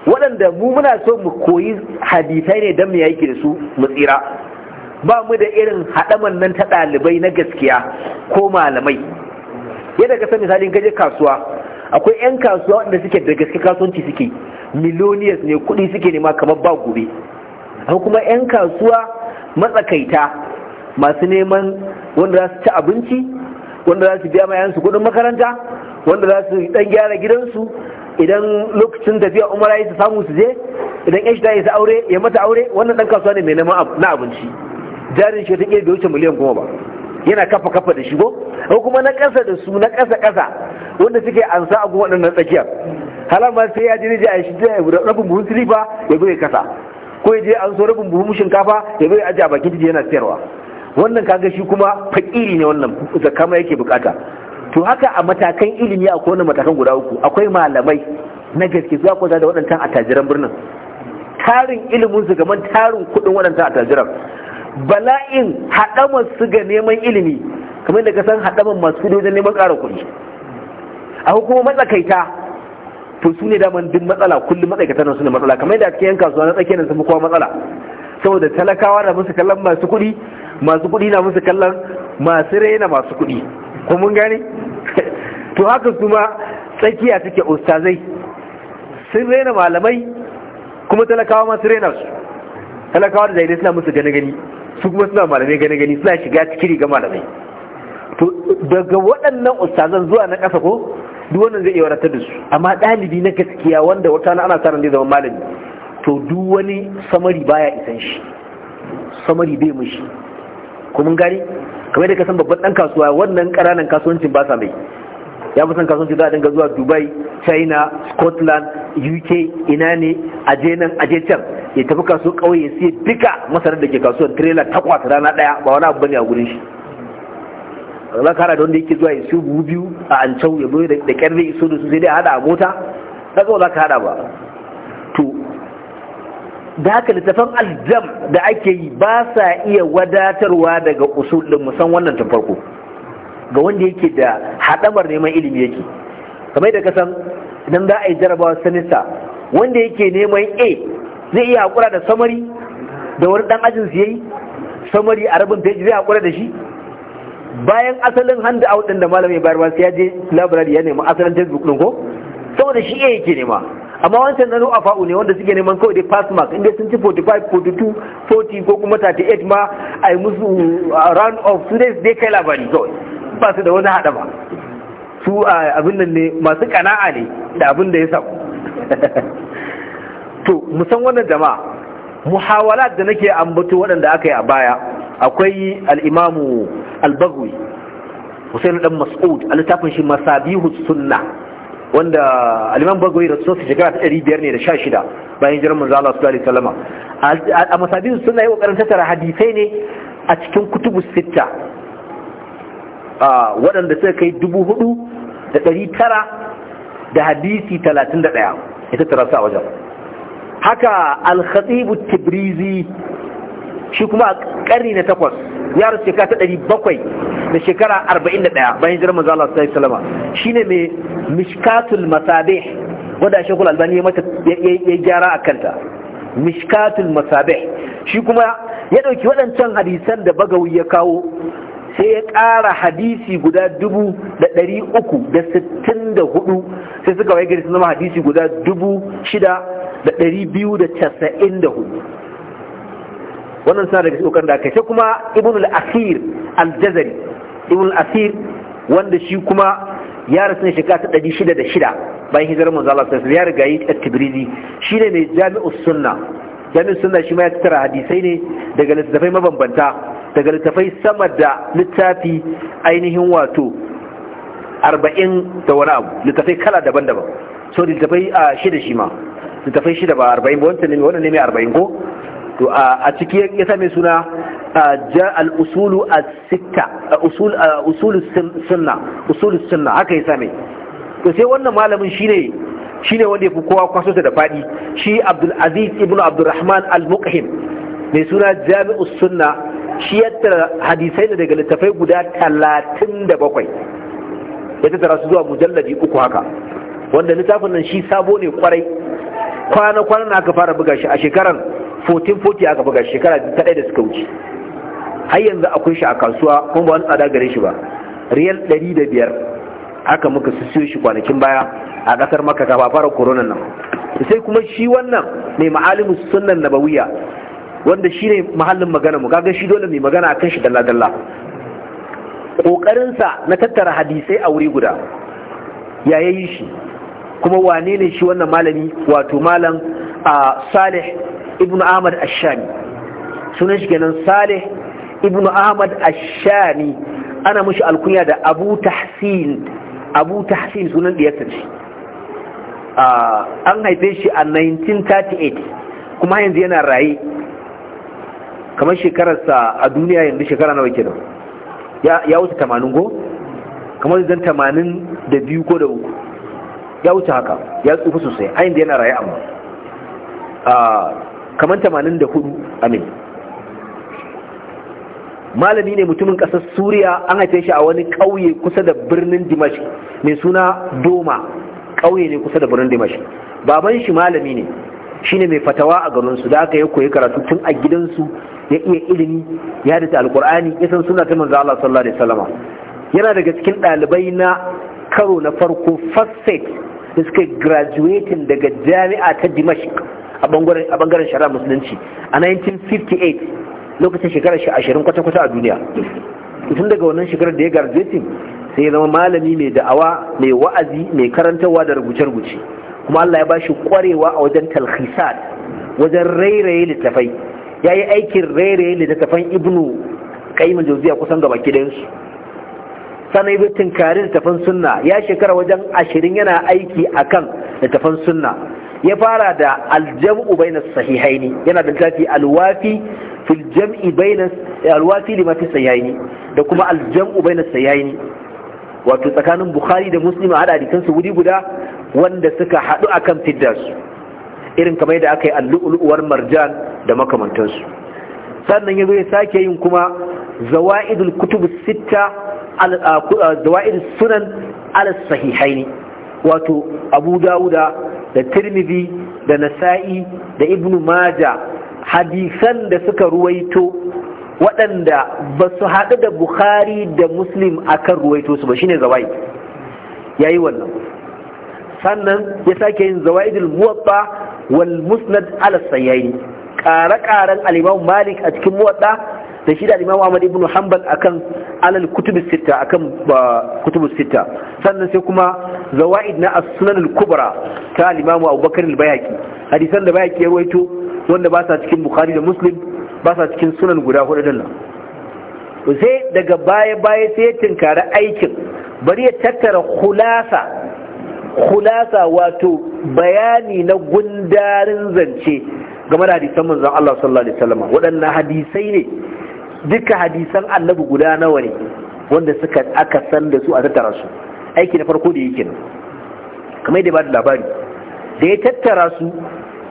waɗanda mu muna so mu koyi hadisai ne don mu yake da su mu tsira ba mu da irin haɗaman nan ta ɗalibai na gaskiya ko malamai yadda ka san misalin gaje kasuwa akwai 'yan kasuwa wanda suke da gaske kasuwanci suke miloniyas ne kuɗi suke nema kamar ba gobe akwai kuma 'yan kasuwa matsakaita masu neman wanda za su ci abinci wanda za su biya mayansu kudin makaranta wanda za su ɗan gyara gidansu idan lokacin tafiya umara su samu su je idan yan shida su aure ya mata aure wannan ɗan kasuwa ne mai neman na abinci jarin shi ta da wuce miliyan kuma ba yana kafa kafa da shigo ko kuma na ƙasa da su na ƙasa ƙasa wanda suke ansa a kuma waɗannan tsakiyar halama sai ya ji rija a shi rabin buhun silifa ya zo ya kasa ko ya je an so rabin buhun shinkafa ya zo ya ajiye a bakin titi yana siyarwa wannan kaga shi kuma fakiri ne wannan da kama yake bukata to haka a matakan ilimi akwai wannan matakan guda uku akwai malamai na gaske zuwa akwai da waɗancan attajiran birnin tarin ilimin su gaman tarin kuɗin waɗancan attajiran bala'in haɗamar su ga neman ilimi kamar da ka san haɗamar masu kudi wajen neman ƙara kuɗi a hukumar matsakaita to su ne daman duk matsala kullum matsakaita nan su ne matsala kamar yadda cikin yan kasuwa na tsakiyar nan sun fi kowa matsala saboda talakawa na musu kallon masu kuɗi masu kuɗi na musu kallon masu raina masu kuɗi ko mun gane [laughs] to haka su ma tsakiya take ustazai sun raina malamai kuma talakawa masu raina su talakawa da zaidai suna musu gane gani su kuma suna malamai gane gani suna shiga cikin riga malamai to daga waɗannan ustazan zuwa na ƙasa ko duk wannan zai iya da su amma ɗalibi na gaskiya wanda wata na ana sanar da zama malami to duk wani samari baya isan shi samari bai mushi ko mun gani kamar da ka san babban dan kasuwa wannan karanan kasuwancin ba sa mai ya fi san kasuwanci za a dinga zuwa dubai china scotland uk ina ne je nan je can ya tafi kasuwa kauye sai duka masarar da ke kasuwar trailer takwas rana daya ba wani abu bane a gurin shi za kana hada da wanda yake zuwa ya su buhu biyu a an ancau ya zo da kyar zai iso da su sai dai hada a mota na kawai za ka hada ba to da haka littafan aljam da ake yi ba sa iya wadatarwa daga usul din musan wannan tun farko ga wanda yake da haɗamar neman ilimi yake kamar da kasan idan za a yi jarabawa sanista wanda yake neman a zai iya haƙura da samari da wani ɗan ajinsu ya yi samari a rabin peji zai haƙura da shi bayan asalin handa out din da malamin bayar sai ya je library ya nemi asalin textbook din ko saboda shi eh yake nema amma wancan na a fa'u ne wanda suke neman kawai dai pass mark inda sun ci 45 42 40 ko kuma 38 ma a yi musu round of students dai kai labari kawai ba su da wani hada ba su abin nan ne masu kana'a ne da abin da ya samu [laughs] to musan wannan jama'a muhawalat da nake ambato waɗanda aka yi a baya akwai al'imamu albagwi husainu dan mas'ud a littafin shi masabihu sunna wanda aliman bagwi da sosai shekara ta ɗari biyar ne da sha shida bayan jiran manzo Allah sallallahu alaihi wasallam a masabihu sunna yi karanta tattara hadisai ne a cikin kutubu sitta waɗanda suka kai dubu hudu da ɗari tara da hadisi talatin da ɗaya ya tattara sa wajen haka al-khatibu tibrizi shi kuma a ƙarni na takwas ya rasu shekara ta ɗari bakwai da shekara arba'in da ɗaya bayan jiran manzo Allah sallallahu alaihi wasallam shine mai mishkatul masabih wanda kula albani ya gyara a kanta mishkatul masabih shi kuma ya ɗauki waɗancan hadisan da bagawi ya kawo sai ya ƙara hadisi guda dubu da ɗari uku da sittin da hudu sai suka wai gari sun zama hadisi guda dubu shida da ɗari biyu da casa'in da hudu wannan suna daga cikin da aka ce kuma ibn al-asir al-jazari ibn al-asir wanda shi kuma ya rasu ne shekara ta ɗari shida da shida bayan hijirar manzo Allah sallallahu ya riga yi at-Tibrizi ne mai jami'us sunna jami'us sunna shi ma ya tattara hadisai ne daga littattafai mabambanta daga littattafai sama da littafi ainihin wato arba'in da wani abu littattafai kala daban-daban so littattafai a ah, shida shi ma littattafai shida ba arba'in ba wancan ne mai arba'in ko to a ciki ya same suna al-usulu a sitta usulu sunna usulu sunna haka ya same to sai wannan malamin shine ne wanda fi kowa kwaso da fadi shi Abdul Aziz ibn Abdurrahman al-Muqhim mai suna Jami'us Sunna shi ya tara hadisai daga littafai guda talatin da bakwai, ya tattara su zuwa mujalladi uku haka wanda littafin nan shi sabo ne kwarai kwana-kwana na aka fara buga shi a shekarar 1440 aka buga shekara ta ɗaya da suka wuce har yanzu akwai shi a kasuwa kuma ba wani tsada gare shi ba riyal 500 aka muka siyo shi kwanakin baya a ƙasar maka ba fara korona nan sai kuma shi wannan mai ma'alimu sunnan nabawiya wanda shi ne mahallin magana mu kaga shi dole mai magana akan shi dalla dalla ƙoƙarinsa na tattara hadisai a wuri guda ya yayi shi kuma wane ne shi wannan malami wato malam a ah, salih ibnu ahmad ashami sunan shi kenan Saleh, ibnu ahmad ashami ana mushi alkunya da abu tahsin abu tahsin sunan diyarsa ce ah, an haife shi a 1938 kuma yanzu yana raye kamar shekararsa a duniya yanzu shekara nawa kenan ya wuce 80 ko kamar zan biyu ko da uku ya wuce haka ya tsufa sosai ayin da yana raye amma ah, kamar 84 amin malami ne mutumin kasar suriya an haife shi a wani kauye kusa da birnin dimash mai suna doma ƙauye ne kusa da birnin dimash baban shi malami ne shine mai fatawa a garinsu da aka yi koyi karatu tun a gidansu ya iya ilimi ya da alkur'ani ya san suna ta manzo Allah sallallahu alaihi wasallama yana daga cikin ɗalibai na karo na farko first set da suka graduating daga jami'a ta Dimashq a bangaren shari'ar musulunci a 1958 lokacin shekarar shi ashirin kwata-kwata a duniya tun daga wannan shekarar da ya garzetin sai ya zama malami mai da'awa mai wa'azi mai karantarwa da rubuce-rubuce kuma Allah ya bashi kwarewa a wajen talhisat wajen rairaye littafai ya yi aikin rairaye littattafan ibnu kaimul jauziya kusan gaba kidansu sannan ya tunkari littafan sunna ya shekara wajen ashirin yana aiki a kan littafan sunna ya fara da aljam'u bainas sahihaini yana da littafi alwafi fil jam'i bainas alwafi lima fi sahihaini da kuma aljam'u bainas sahihaini wato tsakanin bukhari da muslim a hadisan su wuri guda wanda suka hadu akan fiddar su irin kamar yadda aka yi allu'ulu'uwar marjan da makamantansu sannan ya zo ya sake yin kuma zawa'idul kutubus sitta zawa'idul sunan ala sahihaini wato abu dawuda da tirmidhi da nasa'i da ibn maja hadisan da suka ruwaito waɗanda ba su haɗu da bukhari da muslim akan ruwaito su ba shine zawai ya yi wannan sannan ya sake yin zawaidul muwatta wal musnad ala sayayi ƙare-ƙaren al malik a cikin muwatta da shi da al ahmad ibn hanbal akan alal kutubus sitta akan kutubus sitta sannan sai kuma zawaid na as-sunan al-kubra ta al-imam Abubakar al-Bayhaqi hadisan da Bayhaqi ya rawaito wanda ba sa cikin Bukhari da Muslim ba sa cikin sunan guda hudu din nan sai daga baya baya sai ya tinkara aikin bari ya tattara khulasa khulasa wato bayani na gundarin zance game da hadisan manzon Allah sallallahu alaihi wasallam waɗannan hadisai ne duka hadisan annabi guda nawa ne wanda suka aka san da su a tattara su aiki na farko da yake nan kamar da ba da labari da ya tattara su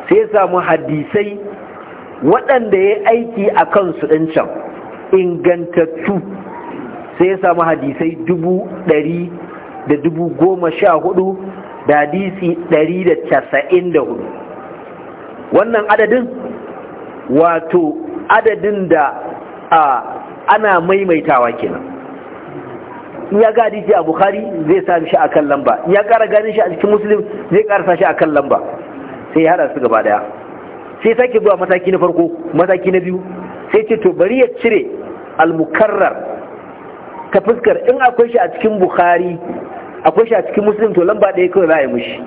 sai ya samu hadisai waɗanda ya aiki a kansu ɗin can ingantattu sai ya samu hadisai dubu ɗari da dubu goma sha hudu da hadisi ɗari da casa'in da hudu wannan adadin wato adadin da a ana maimaitawa kenan in ya gadi shi a bukhari zai sami shi akan lamba in ya kara ganin shi a cikin muslim zai karasa shi akan lamba sai ya hada su gaba daya sai sake zuwa mataki na farko mataki na biyu sai ce to bari ya cire al-mukarrar ta fuskar in akwai shi a cikin bukhari akwai shi a cikin muslim to lamba ɗaya kawai za a yi mushi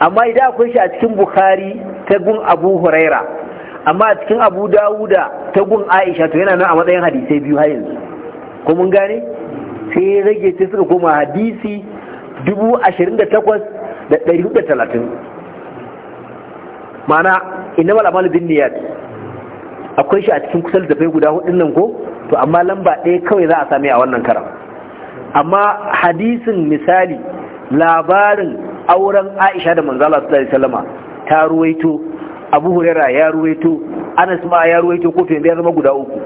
amma idan akwai shi a cikin bukhari ta gun abu huraira amma a cikin abu dawuda ta gun aisha to yana nan a matsayin hadisai biyu har yanzu ko mun gane sai ya rage sai suka koma hadisi dubu ashirin da takwas da ɗari da talatin mana ina malama bin niyar akwai shi a cikin kusan da guda hudun nan ko to amma lamba ɗaya kawai za a sami a wannan karam amma hadisin misali labarin auren aisha da manzala su alaihi salama ta ruwaito abu hurera ya ruwaito anas ma ya ruwaito ko to ya zama guda uku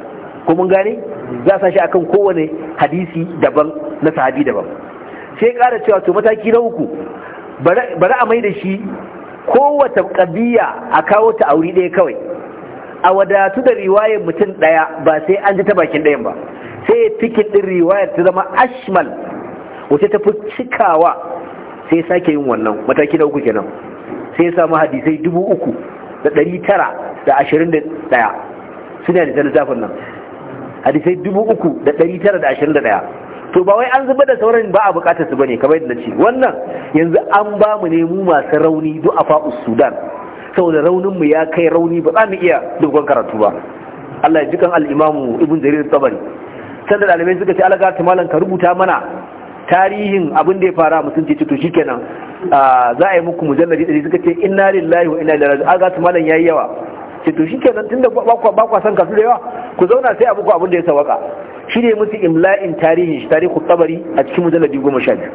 ko mun gane za a sa shi akan kowane hadisi daban na sahabi daban sai ƙara cewa to mataki na uku bari a mai da shi kowace kabiya a kawo ta auri ɗaya kawai a wadatu da riwayar mutum ɗaya ba sai an ji ta bakin ɗayan ba sai ya fikin ɗin riwayar ta zama ashmal wace ta fi cikawa sai sake yin wannan mataki na uku kenan sai ya samu hadisai dubu uku da ɗari tara da ashirin da ɗaya suna da littafin nan hadisai 3921 to ba wai an zuba da sauran ba a bukatar su bane kamar yadda ce wannan yanzu an ba mu ne mu masu rauni duk a fa'us sudan saboda raunin mu ya kai rauni ba za mu iya dogon karatu ba Allah ya jikan al ibn jarir tabari sanda dalibai suka ce alaga ta malam ka rubuta mana tarihin abin da ya fara musulunci to kenan. za a yi muku mujalladi ɗari suka ce inna lillahi wa inna ilaihi raji'un alaga ta malam yayi yawa ce to shikenan tunda ba ku ba ku san kasu da yawa ku zauna sai abu ku abin da ya sawaka shi ne musu imla'in tarihin shi tarihi tabari a cikin mujalladi goma sha biyu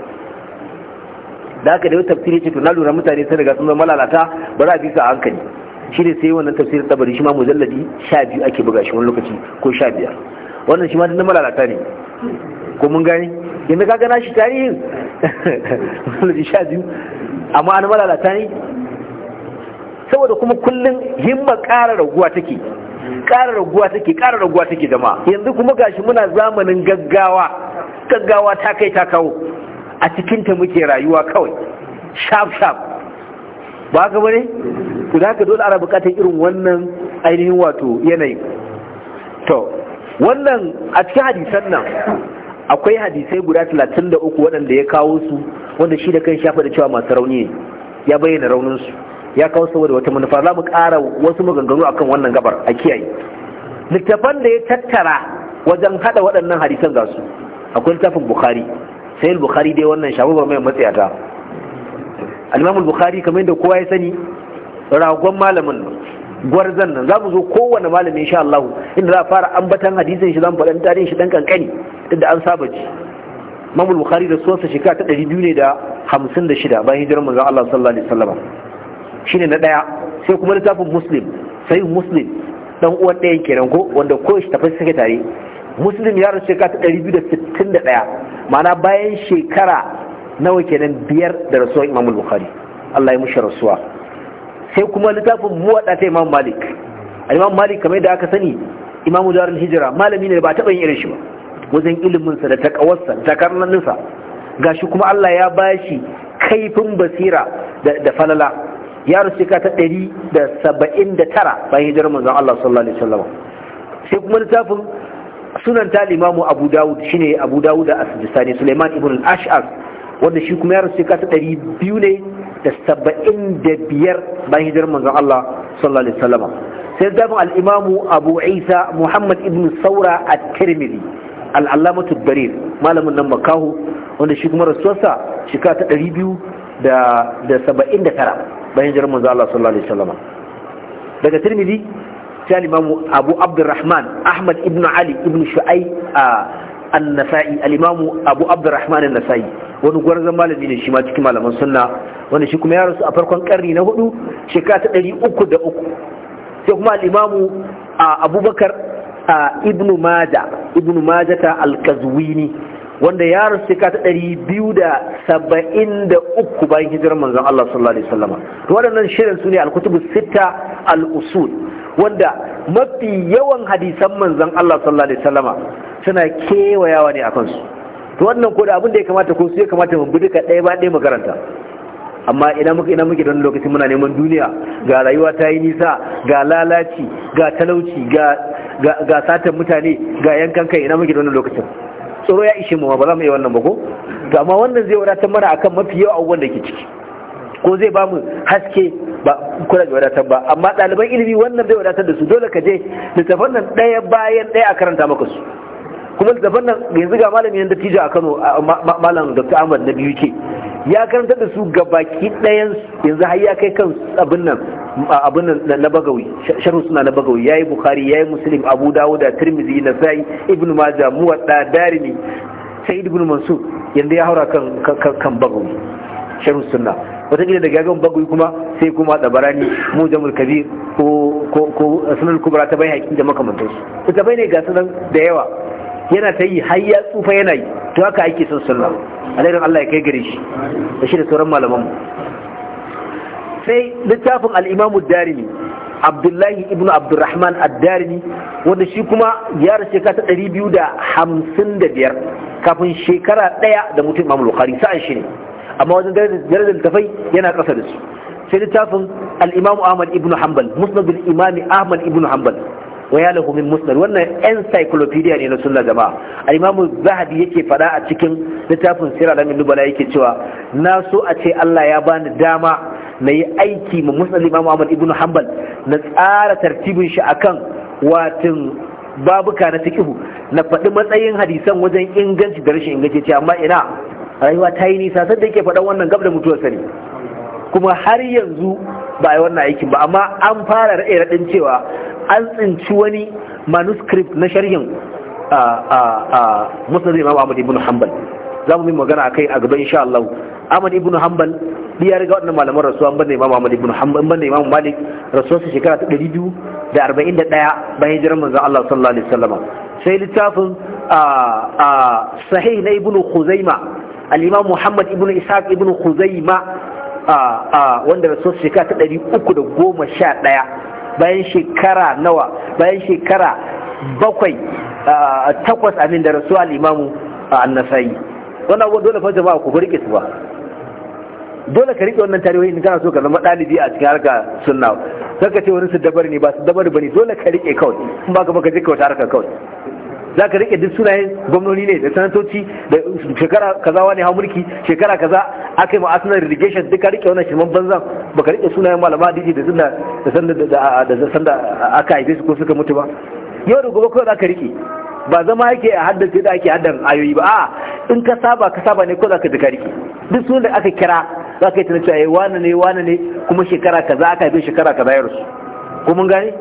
da ka da yau tafsiri ce to na lura mutane sai daga sun zama malalata ba za a bi a hankali shi ne sai wannan tafsirin tabari shi ma mujalladi sha biyu ake buga shi wani lokaci ko sha biyar wannan shi ma na malalata ne ko mun gani yanzu ka gana shi tarihin [laughs] mujalladi sha biyu amma an malalata ne saboda kuma kullum himma ƙara raguwa take ƙara raguwa take ƙara raguwa take jama'a yanzu kuma gashi muna zamanin gaggawa gaggawa ta kai ta kawo a cikin ta muke rayuwa kawai sharp sharp ba ka bane to da haka dole ana buƙatar irin wannan ainihin wato yanayi to wannan a cikin hadisan nan akwai hadisai guda 33 waɗanda ya kawo su wanda shi da kan shafa da cewa masu rauni ne ya bayyana rauninsu ya kawo saboda wata manufa za mu ƙara wasu maganganu akan wannan gabar a kiyaye littafan da ya tattara wajen hada waɗannan hadisan ga su akwai littafin bukhari sai bukhari dai wannan shafuwar mai matsayata ta. imamul bukhari kamar yadda kowa ya sani ragon malamin gwarzan nan za mu zo kowane malamin insha Allah inda za a fara ambatan hadisin shi zan faɗan tarihin shi dan kankani inda an saba ji Imam Bukhari da suwarsa shekara ta 256 bayan hijirar manzon Allah sallallahu alaihi wasallam shine na ɗaya sai kuma littafin muslim sai muslim dan uwan ɗayan kenan ko wanda ko shi tafi suke tare muslim ya rasu shekara ta 261 ma'ana bayan shekara nawa kenan biyar da rasuwar imam bukhari Allah ya mushi rasuwa sai kuma littafin muwaɗa ta imam malik imam malik kamar da aka sani imam darul hijira malami ne ba taɓa yin irin shi ba wajen iliminsa da ta takawarsa da karnaninsa gashi kuma Allah ya ba shi kaifin basira da falala ya rasu ka ta ɗari da saba'in da tara bayan hijirar manzon Allah sallallahu alaihi wasallam sai kuma littafin sunan ta limamu abu dawud shine abu dawud da sujistani suleiman ibn al-ash'ar wanda shi kuma ya rasu ka ta ɗari biyu ne da saba'in da biyar bayan hijirar manzon Allah sallallahu alaihi wasallam sai littafin al-imamu abu isa muhammad ibn saura at-tirmidhi al'allamatu barir malamin nan makahu wanda shi kuma rasuwarsa shika ta tara. bayan hijirar manzo Allah sallallahu alaihi wasallam daga Tirmidhi sai imam Abu Abdurrahman Ahmad ibn Ali ibn Shu'ay an-Nasa'i al-Imam Abu Abdurrahman an-Nasa'i wani gwarzon malami ne shi ma cikin malaman sunna wanda shi kuma ya rasu a farkon karni na hudu shekara ta ɗari uku da uku sai kuma al-Imam Abubakar ibn Mada ibn Majah al-Kazwini wanda ya rasu ka ta ɗari biyu da saba'in da uku bayan hijirar manzon Allah sallallahu alaihi wasallama to waɗannan shirin su ne alkutubu sita al-usul wanda mafi yawan hadisan manzon Allah sallallahu alaihi wasallama suna kewayawa ne a kansu to wannan ko da abin da ya kamata ko su ya kamata mu bi duka ɗaya ba ɗaya mu amma ina muke ina muke don lokacin muna neman duniya ga rayuwa ta yi nisa ga lalaci ga talauci ga satan mutane ga yankan kai ina muke don lokacin tsaro ya ishe mu ba za mu yi wannan ba ko to amma wannan zai wadatar mana akan mafi yawa abubuwan da ke ciki ko zai bamu haske ba kuna da wadatar ba amma ɗaliban ilimi wannan zai wadatar da su dole ka je littafan nan ɗaya bayan ɗaya a karanta maka su kuma littafan nan yanzu ga malami na dattijo a Kano malam Dr. Ahmad na biyu ya karanta da su ga baki ɗayan yanzu har ya kai kan abin nan abin nan na bagawi sharhu suna na bagawi yayi bukhari yayi muslim abu dawud da tirmidhi nasai ibnu majah muwatta darimi sayyid ibn mansur yanda ya haura kan kan bagawi sharhu sunna wataƙila daga gagan bagawi kuma sai kuma dabarani mujamul kabir ko ko sunan kubra ta bai haƙi da makamantansu Ita bai ne ga sunan da yawa yana ta yi har ya tsufa yana yi to haka ake son sunna alairin Allah ya kai gare shi da shi da sauran malaman mu sai littafin al'imamu darini darimi Abdullahi ibn Abdurrahman ad-Darimi wanda shi kuma ya rasu shekara ta 255 kafin shekara daya da mutum imamu lokari sa'an shi ne amma wajen darajar tafai yana ƙasa da su sai littafin al'imamu Ahmad ibn Hanbal musnadul imami Ahmad ibn Hanbal waya ya lahu min musnad wannan encyclopedia ne na sunna jama'a al imamu zahabi yake fada a cikin littafin da alamin nubala yake cewa na so a ce Allah ya bani dama na yi aiki ma musnad imam Ahmad ibn Hanbal na tsara tartibin shi akan watin babuka na fiqhu na faɗi matsayin hadisan wajen inganci da rashin inganci ce amma ina rayuwa ta yi nisa sai da yake fada wannan gab da mutuwar sani kuma har yanzu ba a yi wannan aikin ba amma an fara raɗe raɗin cewa an tsinci wani manuscript na sharhin zai mawa Amadu ibn hanbal za mu yi magana a kai a gaba insha Allah amadu ibn hanbal ya riga waɗannan malaman rasuwa da imam amadu ibn hanbal da imam malik rasuwa su shekara ta ɗari biyu da da arba'in ɗaya bayan hijirar manzon Allah sallallahu alaihi wasallama sai littafin sahih na ibn khuzaima al-imam muhammad ibn ishaq ibn khuzaima wanda rasuwa shekara ta ɗari uku da goma sha ɗaya. bayan shekara nawa bayan shekara bakwai takwas amin da rasuwa limamu a annasai wannan abubuwan dole fa jama'a ku rike su ba dole ka rike wannan tarihi in kana so ka zama ɗalibi a cikin harka sunna saka ce wani su dabari ne ba su dabari bane dole ka rike kawai in ba ka je kawai wata harka kawai za ka rike duk sunayen gwamnoni ne da sanatoci da shekara kaza wani hau mulki shekara kaza aka yi ma'asunan irrigation duka rike wannan shirman banzan ba ka rike sunayen malama didi da sanda da sanda aka haife su ko suka mutu ba yau da gobe kawai za ka rike ba zama yake a haddace da ake haddan ayoyi ba a'a in ka saba ka saba ne ko za ka ji ka rike duk sunan da aka kira za ka yi tunan cewa eh, wane ne wane ne kuma shekara kaza aka haife shekara kaza ya rasu ko mun gane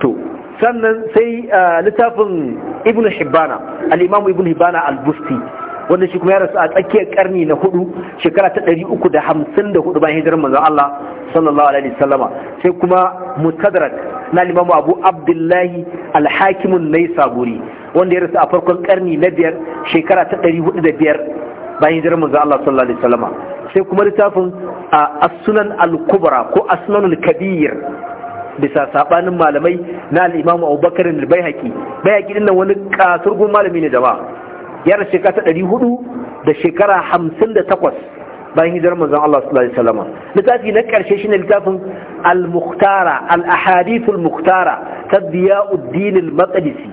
to sannan sai ah, littafin ibn hibbana al'imamu ibn hibbana al-busti wanda shi kuma ya rasu a tsakiyar karni na hudu shekara ta ɗari uku da hamsin da hudu bayan hijirar manzon Allah sallallahu alaihi wasallama sai kuma mutadrak na limamu abu abdullahi alhakimun nai saburi wanda ya rasu a farkon karni na biyar shekara ta ɗari hudu da biyar bayan hijirar manzon Allah sallallahu alaihi wasallama sai kuma littafin ah, as-sunan al-kubra ko as-sunan al-kabir bisa sabanin malamai na al'imamu imam Abu Bakar al-Baihaqi Baihaqi din nan wani kasurgun malami ne jama'a ya shekara ta 400 da shekara 58 bayan hijirar manzon Allah sallallahu alaihi wasallam littafi na karshe shine littafin al-Mukhtara al-Ahadith al-Mukhtara ta Diyauddin al-Maqdisi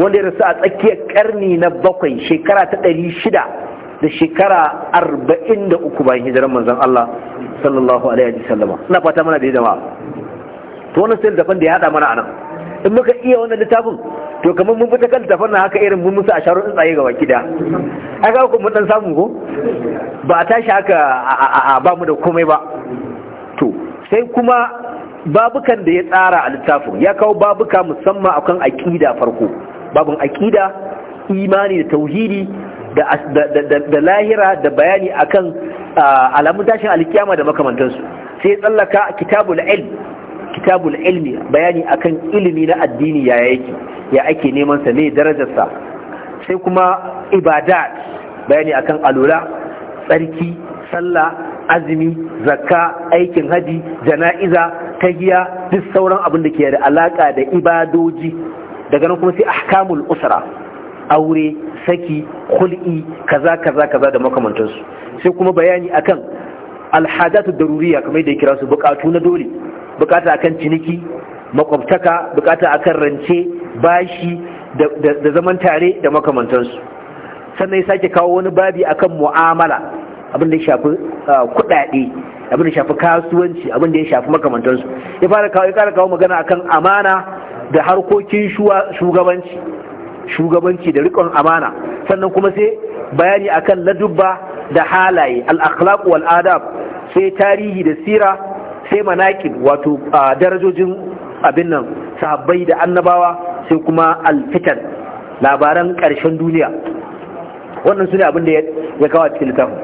wanda ya rasu a tsakiyar karni na bakwai shekara ta 600 da shekara arba'in da uku bayan hijirar manzon Allah sallallahu alaihi wa sallama ina fata mana da jama'a to wannan sai daban da ya hada mana anan in muka iya wannan littafin to kamar mun fita kan littafin nan haka irin mun musu a sharon tsaye ga baki da ai ga ku mun dan samu ko ba a tashi haka a ba mu da komai ba to sai kuma babukan da ya tsara a littafin ya kawo babuka musamman akan aqida farko babun aqida imani da tauhidi da lahira da bayani akan ah, alamun tashin alkiyama da makamantansu sai tsallaka kitabul ilm kitabul ilmi bayani akan ilimi na addini ya yake ya ake neman sa ne darajarsa sai kuma ibadat bayani akan alura tsarki sallah azumi zakka aikin haji jana'iza tahiya duk sauran abin da ke da alaka da ibadoji daga nan kuma sai ahkamul usra aure saki hul'i kaza kaza kaza da makamantansu sai kuma bayani akan alhadatu daruriya kamar da ya kira su bukatu na dole bukata akan ciniki makwabtaka bukata akan rance bashi da zaman tare da makamantansu sannan ya sake kawo wani babi akan mu'amala abin da ya shafi ah, kudade abin da ya shafi kasuwanci abin da ya shafi makamantansu ya fara kawo ya kawo magana akan amana da harkokin shugabanci shugabanci da rikon amana sannan kuma sai bayani akan ladubba da halaye al-akhlaq wal adab sai tarihi da sira sai manakin wato darajojin abin nan sahabbai da annabawa sai kuma alfitan labaran ƙarshen duniya wannan su ne abin da ya kawo cikin littafin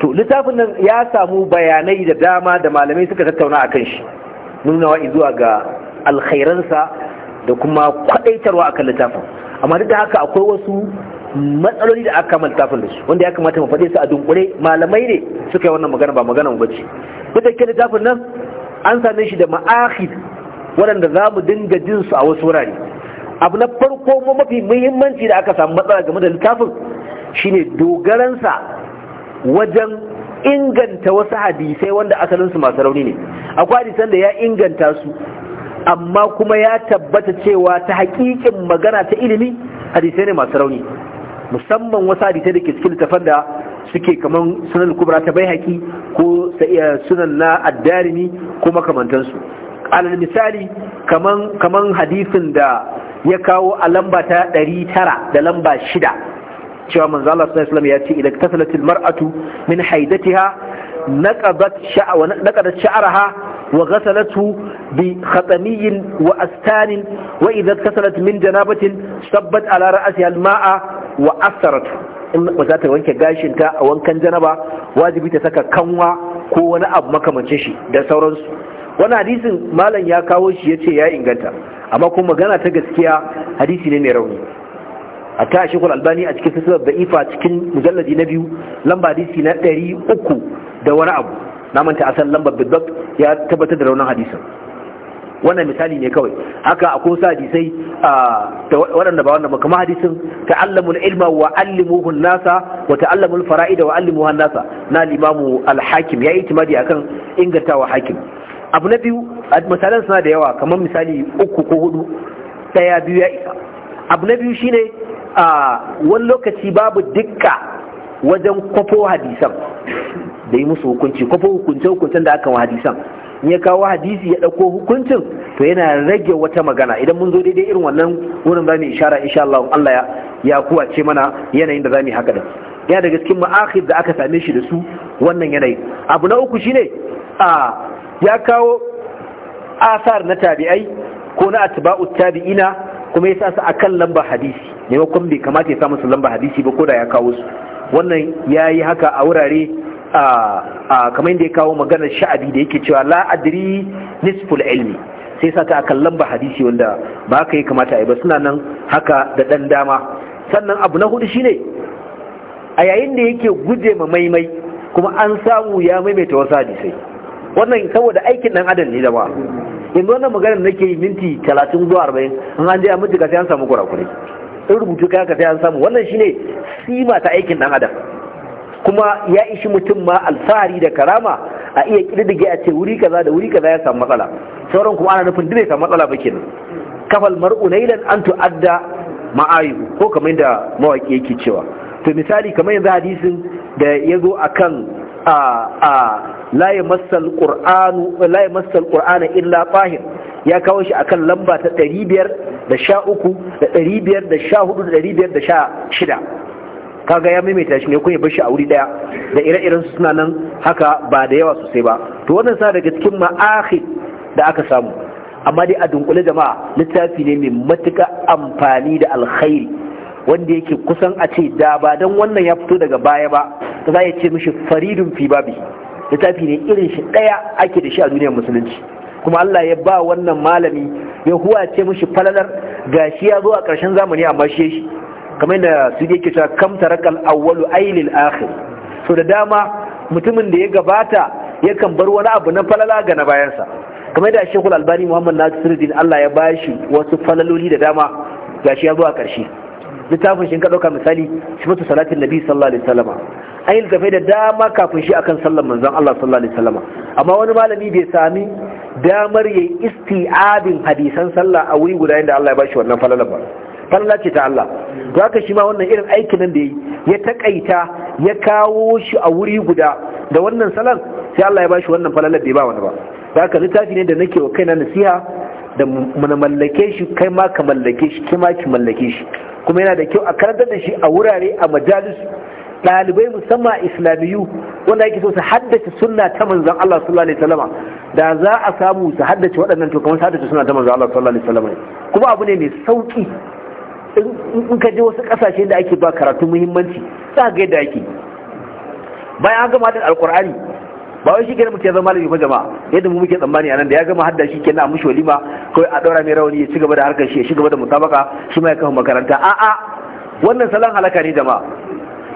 to littafin nan ya samu bayanai da dama da malamai suka tattauna a kan shi nuna wa zuwa ga alkhairansa da kuma kwadaitarwa kan littafin amma duk da haka akwai wasu matsaloli da aka littafin da su wanda ya kamata mu faɗe su a dunkule malamai ne suka yi wannan magana ba magana mu bace. duk da ke littafin nan an same shi da ma'akhid waɗanda za mu dinga jin su a wasu wurare abu na farko mu mafi muhimmanci da aka samu matsala game da littafin shine dogaransa wajen inganta wasu hadisai wanda asalinsu masu rauni ne akwai hadisan da ya inganta su amma kuma ya tabbata cewa ta hakikin magana ta ilimi hadisai ne masu rauni musamman wasu hadisai da ke cikin littafan da suke kaman sunan kubra ta baihaqi ko sunan na addarimi ko makamantansu alal misali kaman kaman hadisin da ya kawo a lamba ta 900 da lamba 6 cewa manzo Allah sallallahu alaihi wasallam ya ce idan tasalatil mar'atu min haidatiha naqadat sha'a wa naqadat wa وغسلته بخطمي وأستان وإذا اغتسلت من sabbat صبت على رأسها wa وأثرته in ba za ta wanke gashinta a wankan janaba wajibi ta saka kanwa ko wani abu makamancin shi da sauransu wani hadisin malam ya kawo shi ya ce ya inganta amma kuma magana ta gaskiya hadisi ne mai rauni a ta shi albani a cikin sassabar da ifa cikin mujalladi na biyu lamba hadisi na ɗari uku da wani abu na manta asan lambar bidbab ya tabbatar da raunin hadisin wannan misali ne kawai haka akwai hadisai waɗanda ba wannan ba kamar hadisin ta'allamul ilma wa allimuhun nasa wa ta'allamul fara'ida wa allimuhun nasa na limamu al-hakim yayi itimadi akan inganta wa hakim abu na biyu misalan suna da yawa kamar misali uku ko hudu daya biyu ya isa abu na biyu shine a wani lokaci babu dukka wajen kwafo hadisan da yi musu hukunci kwafo hukunce hukuncen da aka wa hadisan in ya kawo hadisi ya ɗauko hukuncin to yana rage wata magana idan mun zo daidai irin wannan wurin za mu ishara insha Allah Allah ya ya kuwace mana yanayin da za mu haka da ya daga cikin ma'akhid da aka same shi da su wannan yanayi abu na uku shine a ya kawo asar na tabi'ai ko na atba'u tabi'ina kuma ya sa su akan lamba hadisi ne kuma bai kamata ya samu su lamba hadisi ba ko da ya kawo su wannan ya yi haka a wurare a kamar yadda ya kawo maganar sha'abi da yake cewa la adri nisful ilmi sai sa ta akan lamba hadisi wanda ba ka yi kamata a yi ba suna nan haka da ɗan dama sannan abu na hudu shine a yayin da yake guje ma maimai kuma an samu ya maimaita wasu hadisai wannan saboda aikin dan adam ne da ba yanzu wannan maganar nake yi minti talatin zuwa arba'in an an je a mutu ka sai an samu kurakurai in rubutu ka sai an samu wannan shine sima ta aikin ɗan adam kuma ya ishi mutum ma alfahari da karama a iya kididdige a ce wuri kaza da wuri kaza ya samu matsala sauran kuma ana nufin dole samu matsala ba kenan kafal mar'u nailan an tu'adda ma'ayu ko kamar da mawaki yake cewa to misali kamar yanzu hadisin da ya zo akan a a la yamassal qur'anu la yamassal qur'ana illa tahir ya kawo shi akan lamba ta 500 da 13 da 500 da 14 da 500 da kaga ya maimaita shi ne kun ya bashi a wuri daya da ire-iren suna nan haka ba da yawa sosai ba to wannan sa daga cikin ma'ahi da aka samu amma dai a dunkule jama'a littafi ne mai matuka amfani da alkhairi wanda yake kusan a ce da ba don wannan ya fito daga baya ba za ya ce mishi faridun fi babi littafi ne irin shi daya ake da shi a duniyar musulunci kuma Allah ya ba wannan malami ya ce mishi falalar gashi ya zo a ƙarshen zamani amma shi kamar da su yake kisa kam tarakal awwalu ailil akhir so da dama mutumin da ya gabata yakan bar wani abu na falala ga na bayansa kamar da shekul albani muhammad nasiruddin allah ya bashi wasu falaloli da dama gashi ya zo a karshe littafin shi ka dauka misali shi mutu salatin nabi sallallahu alaihi wasallam an yi littafai da dama kafin shi akan sallan manzon allah sallallahu alaihi wasallam amma wani malami bai sami damar yayi isti'abin hadisan sallah a wuri guda inda allah ya bashi wannan falalar ba falla ce ta Allah to haka shi ma wannan irin aikin nan da yi ya takaita ya kawo shi a wuri guda da wannan salan sai Allah ya bashi wannan falalar ya ba wani ba da haka littafi ne da nake wa kaina nasiha da na mallake shi kai ma ka mallake shi kai ma ki mallake shi kuma yana da kyau a karantar da shi a wurare a majalis ɗalibai musamman islamiyu wanda ake so su haddace sunna ta manzon Allah sallallahu alaihi wasallam da za a samu su haddace waɗannan to kamar su haddace sunna ta manzon Allah sallallahu alaihi wasallam kuma abu ne mai sauki in ka je wasu kasashe da ake ba karatu muhimmanci za ga yadda ake bayan an gama hadin alkur'ani ba wai shikenan mutum ya zama malami ba jama'a yadda mu muke tsammani anan da ya gama hadda shikenan a mushi walima kawai a daura mai rawani ya ci gaba da harkar shi ya ci gaba da musabaka shi ma ya kafa makaranta a wannan salon halaka ne jama'a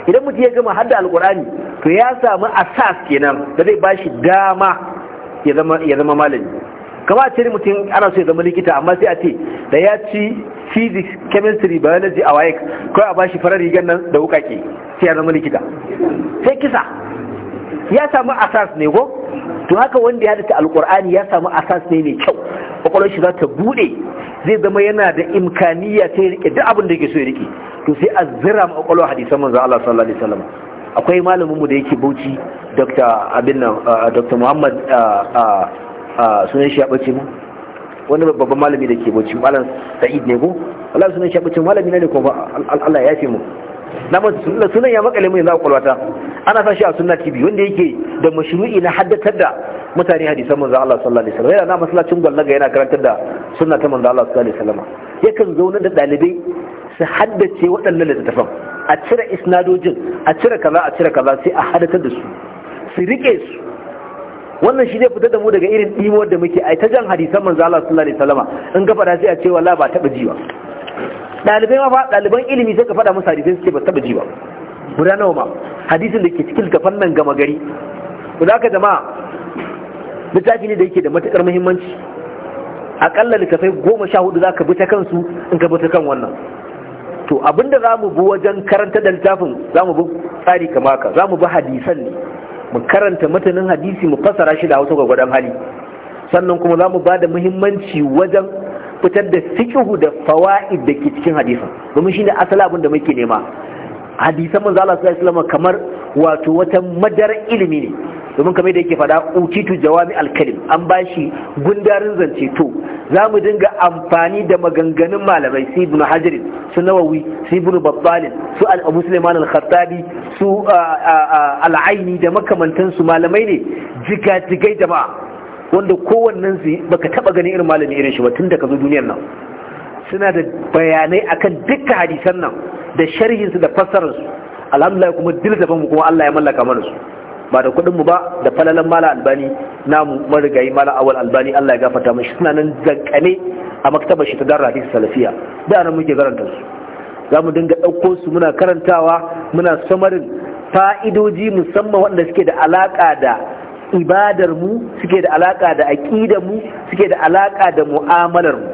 idan mutum ya gama hadda alkur'ani to ya samu asas kenan da zai ba shi dama ya zama malami kama ce mutum ana so ya zama likita amma sai a ce da ya ci physics chemistry biology a waye kawai a bashi farar rigar nan da wukake sai ya zama likita sai kisa ya samu asas ne ko to haka wanda ya dace alkur'ani ya samu asas ne mai kyau kwakwalwar shi za ta bude zai zama yana da imkaniya ta rike duk abin da yake so ya rike to sai a zira ma kwakwalwar hadisan manzo Allah sallallahu alaihi wasallam akwai malamin mu da yake Bauchi Dr. Abin Dr. Muhammad a sunan shi ya bace mu wani babban malami da ke bocin malam sa'id ne ko Allah sunan shi ya bace malami ne ko Allah ya yafe mu na ba sunan ya makale mu yanzu a kwalwata ana sa shi a sunna tv wanda yake da mashru'i na haddatar da mutane hadisan manzo Allah sallallahu alaihi wasallam yana na masallacin gwallaga yana karantar da sunna ta manzo Allah sallallahu alaihi wasallam yakan zauna da dalibai su haddace waɗannan littattafan a cire isnadojin a cire kaza a cire kaza sai a haddatar da su su rike su wannan shi zai fitar da mu daga irin dimuwar da muke ai ta jan hadisan manzo Allah sallallahu alaihi wasallama in ka fada sai a ce wallahi ba taba ji ba dalibai ma fa daliban ilimi sai ka fada musu hadisan suke ba taba ji ba guda nawa ma hadisin da ke cikin kafan nan gama gari ku zaka ka jama'a littafi ne da yake da matukar muhimmanci akalla littafai goma sha hudu za ka bi ta kansu in ka bi ta kan wannan to abinda za mu bi wajen karanta da littafin za mu bi tsari kamar haka za mu bi hadisan ne mu karanta matanin hadisi mu fassara shi da hausa gwagwadon hali sannan kuma za mu ba da muhimmanci wajen fitar da fikihu da fawa'id da ke cikin hadisin domin shi ne asali abin da muke nema hadisan manzo Allah sallallahu alaihi wasallam kamar wato wata madar ilimi ne domin kamar da yake fada ukitu jawami alkalim an ba shi gundarin zance to za mu dinga amfani da maganganun malamai su ibn hajar su nawawi su ibn babbalin su abu suleiman al-khattabi su al'aini da makamantansu malamai ne jigajigai jama'a wanda kowannen su baka taba ganin irin malami irin shi ba tun da ka zo duniyar nan suna da bayanai akan duka hadisan nan da sharhinsu da fassararsu alhamdulillah kuma dil da mu kuma Allah ya mallaka mana su ba da kuɗin ba da falalan mala albani namu marigayi mala awal albani Allah ya gafarta mashi suna nan zankane a maktabar shi ta darra hadisi salafiya da nan muke karanta su za mu dinga ɗauko su muna karantawa muna samarin fa'idoji musamman waɗanda suke da alaƙa da ibadar mu suke da alaƙa da aƙidar mu suke da alaƙa da mu'amalar mu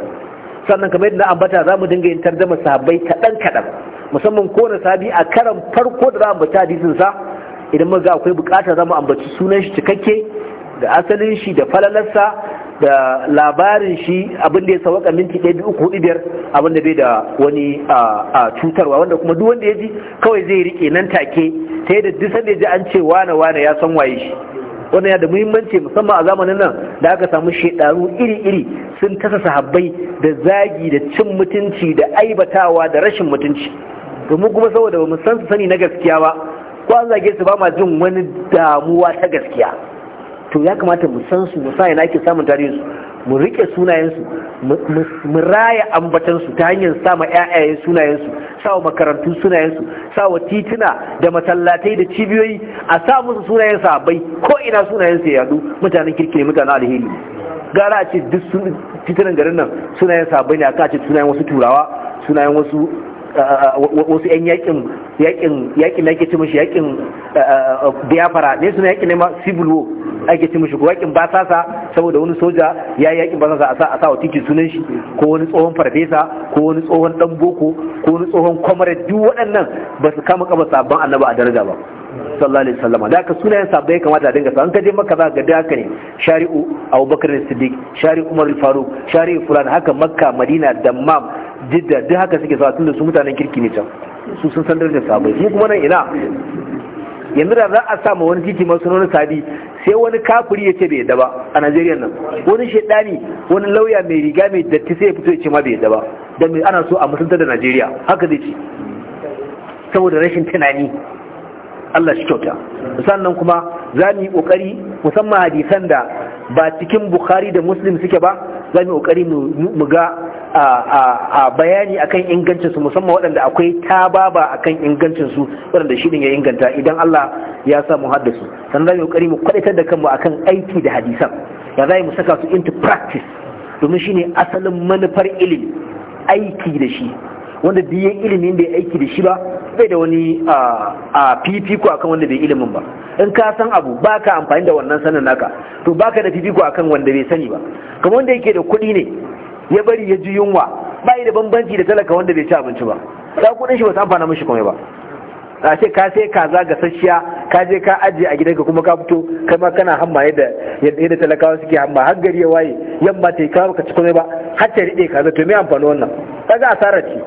sannan kamar yadda na ambata za mu dinga yin tarjama sahabbai kaɗan kaɗan musamman ko na sahabi a karan farko da za mu bata hadisin sa idan muka ga akwai bukatar zama ambaci sunan shi cikakke da asalin shi da falalarsa da labarin shi abin da ya sawaka minti ɗaya biyu uku hudu biyar abin da bai da wani cutarwa wanda kuma duk wanda ya ji kawai zai rike nan take ta yadda duk sanda ya ji an ce wane wane ya san waye shi wannan ya da muhimmanci musamman a zamanin nan da aka samu shedaru iri-iri sun tasa sahabbai da zagi da cin mutunci da aibatawa da rashin mutunci domin kuma saboda ba mu san su sani na gaskiya ba ko an zage su ba ma jin wani damuwa ta gaskiya to ya kamata mu san su mu sai ina samun tarihin su mu rike sunayensu mu raya ambatansu ta hanyar sama ƴaƴayen sunayensu sawa makarantu sunayensu sawa tituna da masallatai da cibiyoyi a sa musu sunayen sahabbai ko ina sunayen ya yadu mutanen kirki ne mutanen alheri gara a ce duk titunan garin nan sunayen sabai ne ka ce sunayen wasu turawa sunayen wasu wasu yan yakin yakin yakin da ake ci mishi yakin eh, eh, biafara ne suna yakin ne ma civil war ake ci mishi yakin basasa saboda wani soja ya yi yakin basasa a sa a sa wa tiki sunan shi ko wani tsohon farfesa ko wani tsohon dan boko ko wani tsohon comrade duk waɗannan ba su kama kaba sabon annaba a daraja ba sallallahu alaihi wasallam da aka sunayen sabbai kamata a dinga an ka je makka za ka da haka ne shari'u abubakar siddiq shari'u umar faruq shari'u fulan haka makka madina dammam jidda duk haka suke sa tunda su mutanen kirki ne can su sun san darajar sahabbai kuma nan ina yanzu da za a sa ma wani titi masu nuna sabi sai wani kafiri ya ce bai yadda ba a Najeriya nan wani shaidani wani lauya mai riga mai datti sai ya fito ya ce ma bai yadda ba dan mai ana so a mutunta da Najeriya haka zai ce saboda rashin tunani Allah shi kyauta sannan kuma za mu yi kokari musamman hadisan da ba cikin Bukhari da Muslim suke ba za mu yi kokari mu ga a bayani akan ingancinsu musamman waɗanda akwai baba akan ingancinsu waɗanda shi ya inganta idan Allah ya sa mu haddasu sannan zai kokari mu kwadatar da kanmu akan aiki da hadisan ya zai mu saka su into practice domin shine asalin manufar ilimi aiki da shi wanda biyan ilimin ya aiki da shi ba bai da wani a fifiko akan wanda bai ilimin ba in ka san abu baka amfani da wannan sanin naka to baka da fifiko akan wanda bai sani ba kamar wanda yake da kuɗi ne ya bari ya ji yunwa bai da bambanci da talaka wanda bai ci abinci ba da kudin shi ba su amfana mashi kome ba a ce ka sai kaza ga sashiya ka je ka ajiye a gidanka kuma ka fito kai ma kana hamma yadda yadda talakawa suke hamma har gari ya waye yamma ta yi ka ci komai ba har ta ka kaza to me amfani wannan ga asarar ci.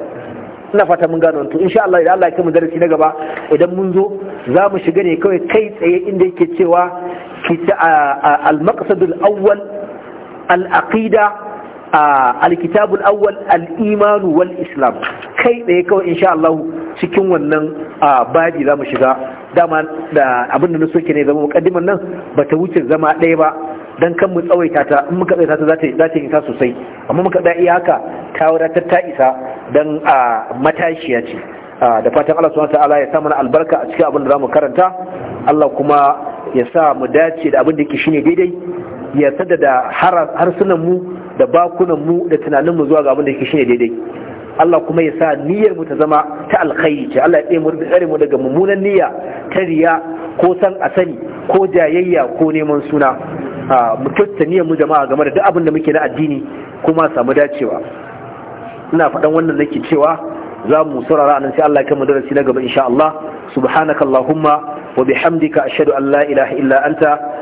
ina fata mun gano to insha Allah idan Allah ya kai mu darasi na gaba idan mun zo za mu shiga ne kawai kai tsaye inda yake cewa al-maqsadul awwal al-aqida alkitabul awwal al-imanu wal islam kai tsaye kawai insha Allah cikin wannan baji za mu shiga dama da abin da na soke ne zama mukaddiman nan ba ta wuce zama ɗaya ba dan kan mu tsawaita ta in muka tsawaita ta za ta yi ta sosai amma muka da iya haka ta wadatar ta isa dan matashiya ce da fatan Allah subhanahu ta'ala ya sa mana albarka a cikin abin da zamu karanta Allah kuma ya sa mu dace da abin da yake shine daidai ya da harsunan mu da bakunan mu da tunanin mu zuwa ga abin da yake shine daidai Allah kuma ya sa niyyar mu ta zama ta alkhairi ce Allah ya tsaye mu da tsare mu daga mummunan niyya ta riya ko san a sani ko jayayya ko neman suna mu kyautata niyyar mu jama'a game da duk abin da muke na addini kuma samu dacewa ina faɗan wannan nake cewa za mu saurara nan sai Allah ya kama darasi na gaba insha Allah subhanakallahumma wa bihamdika ashhadu an la ilaha illa anta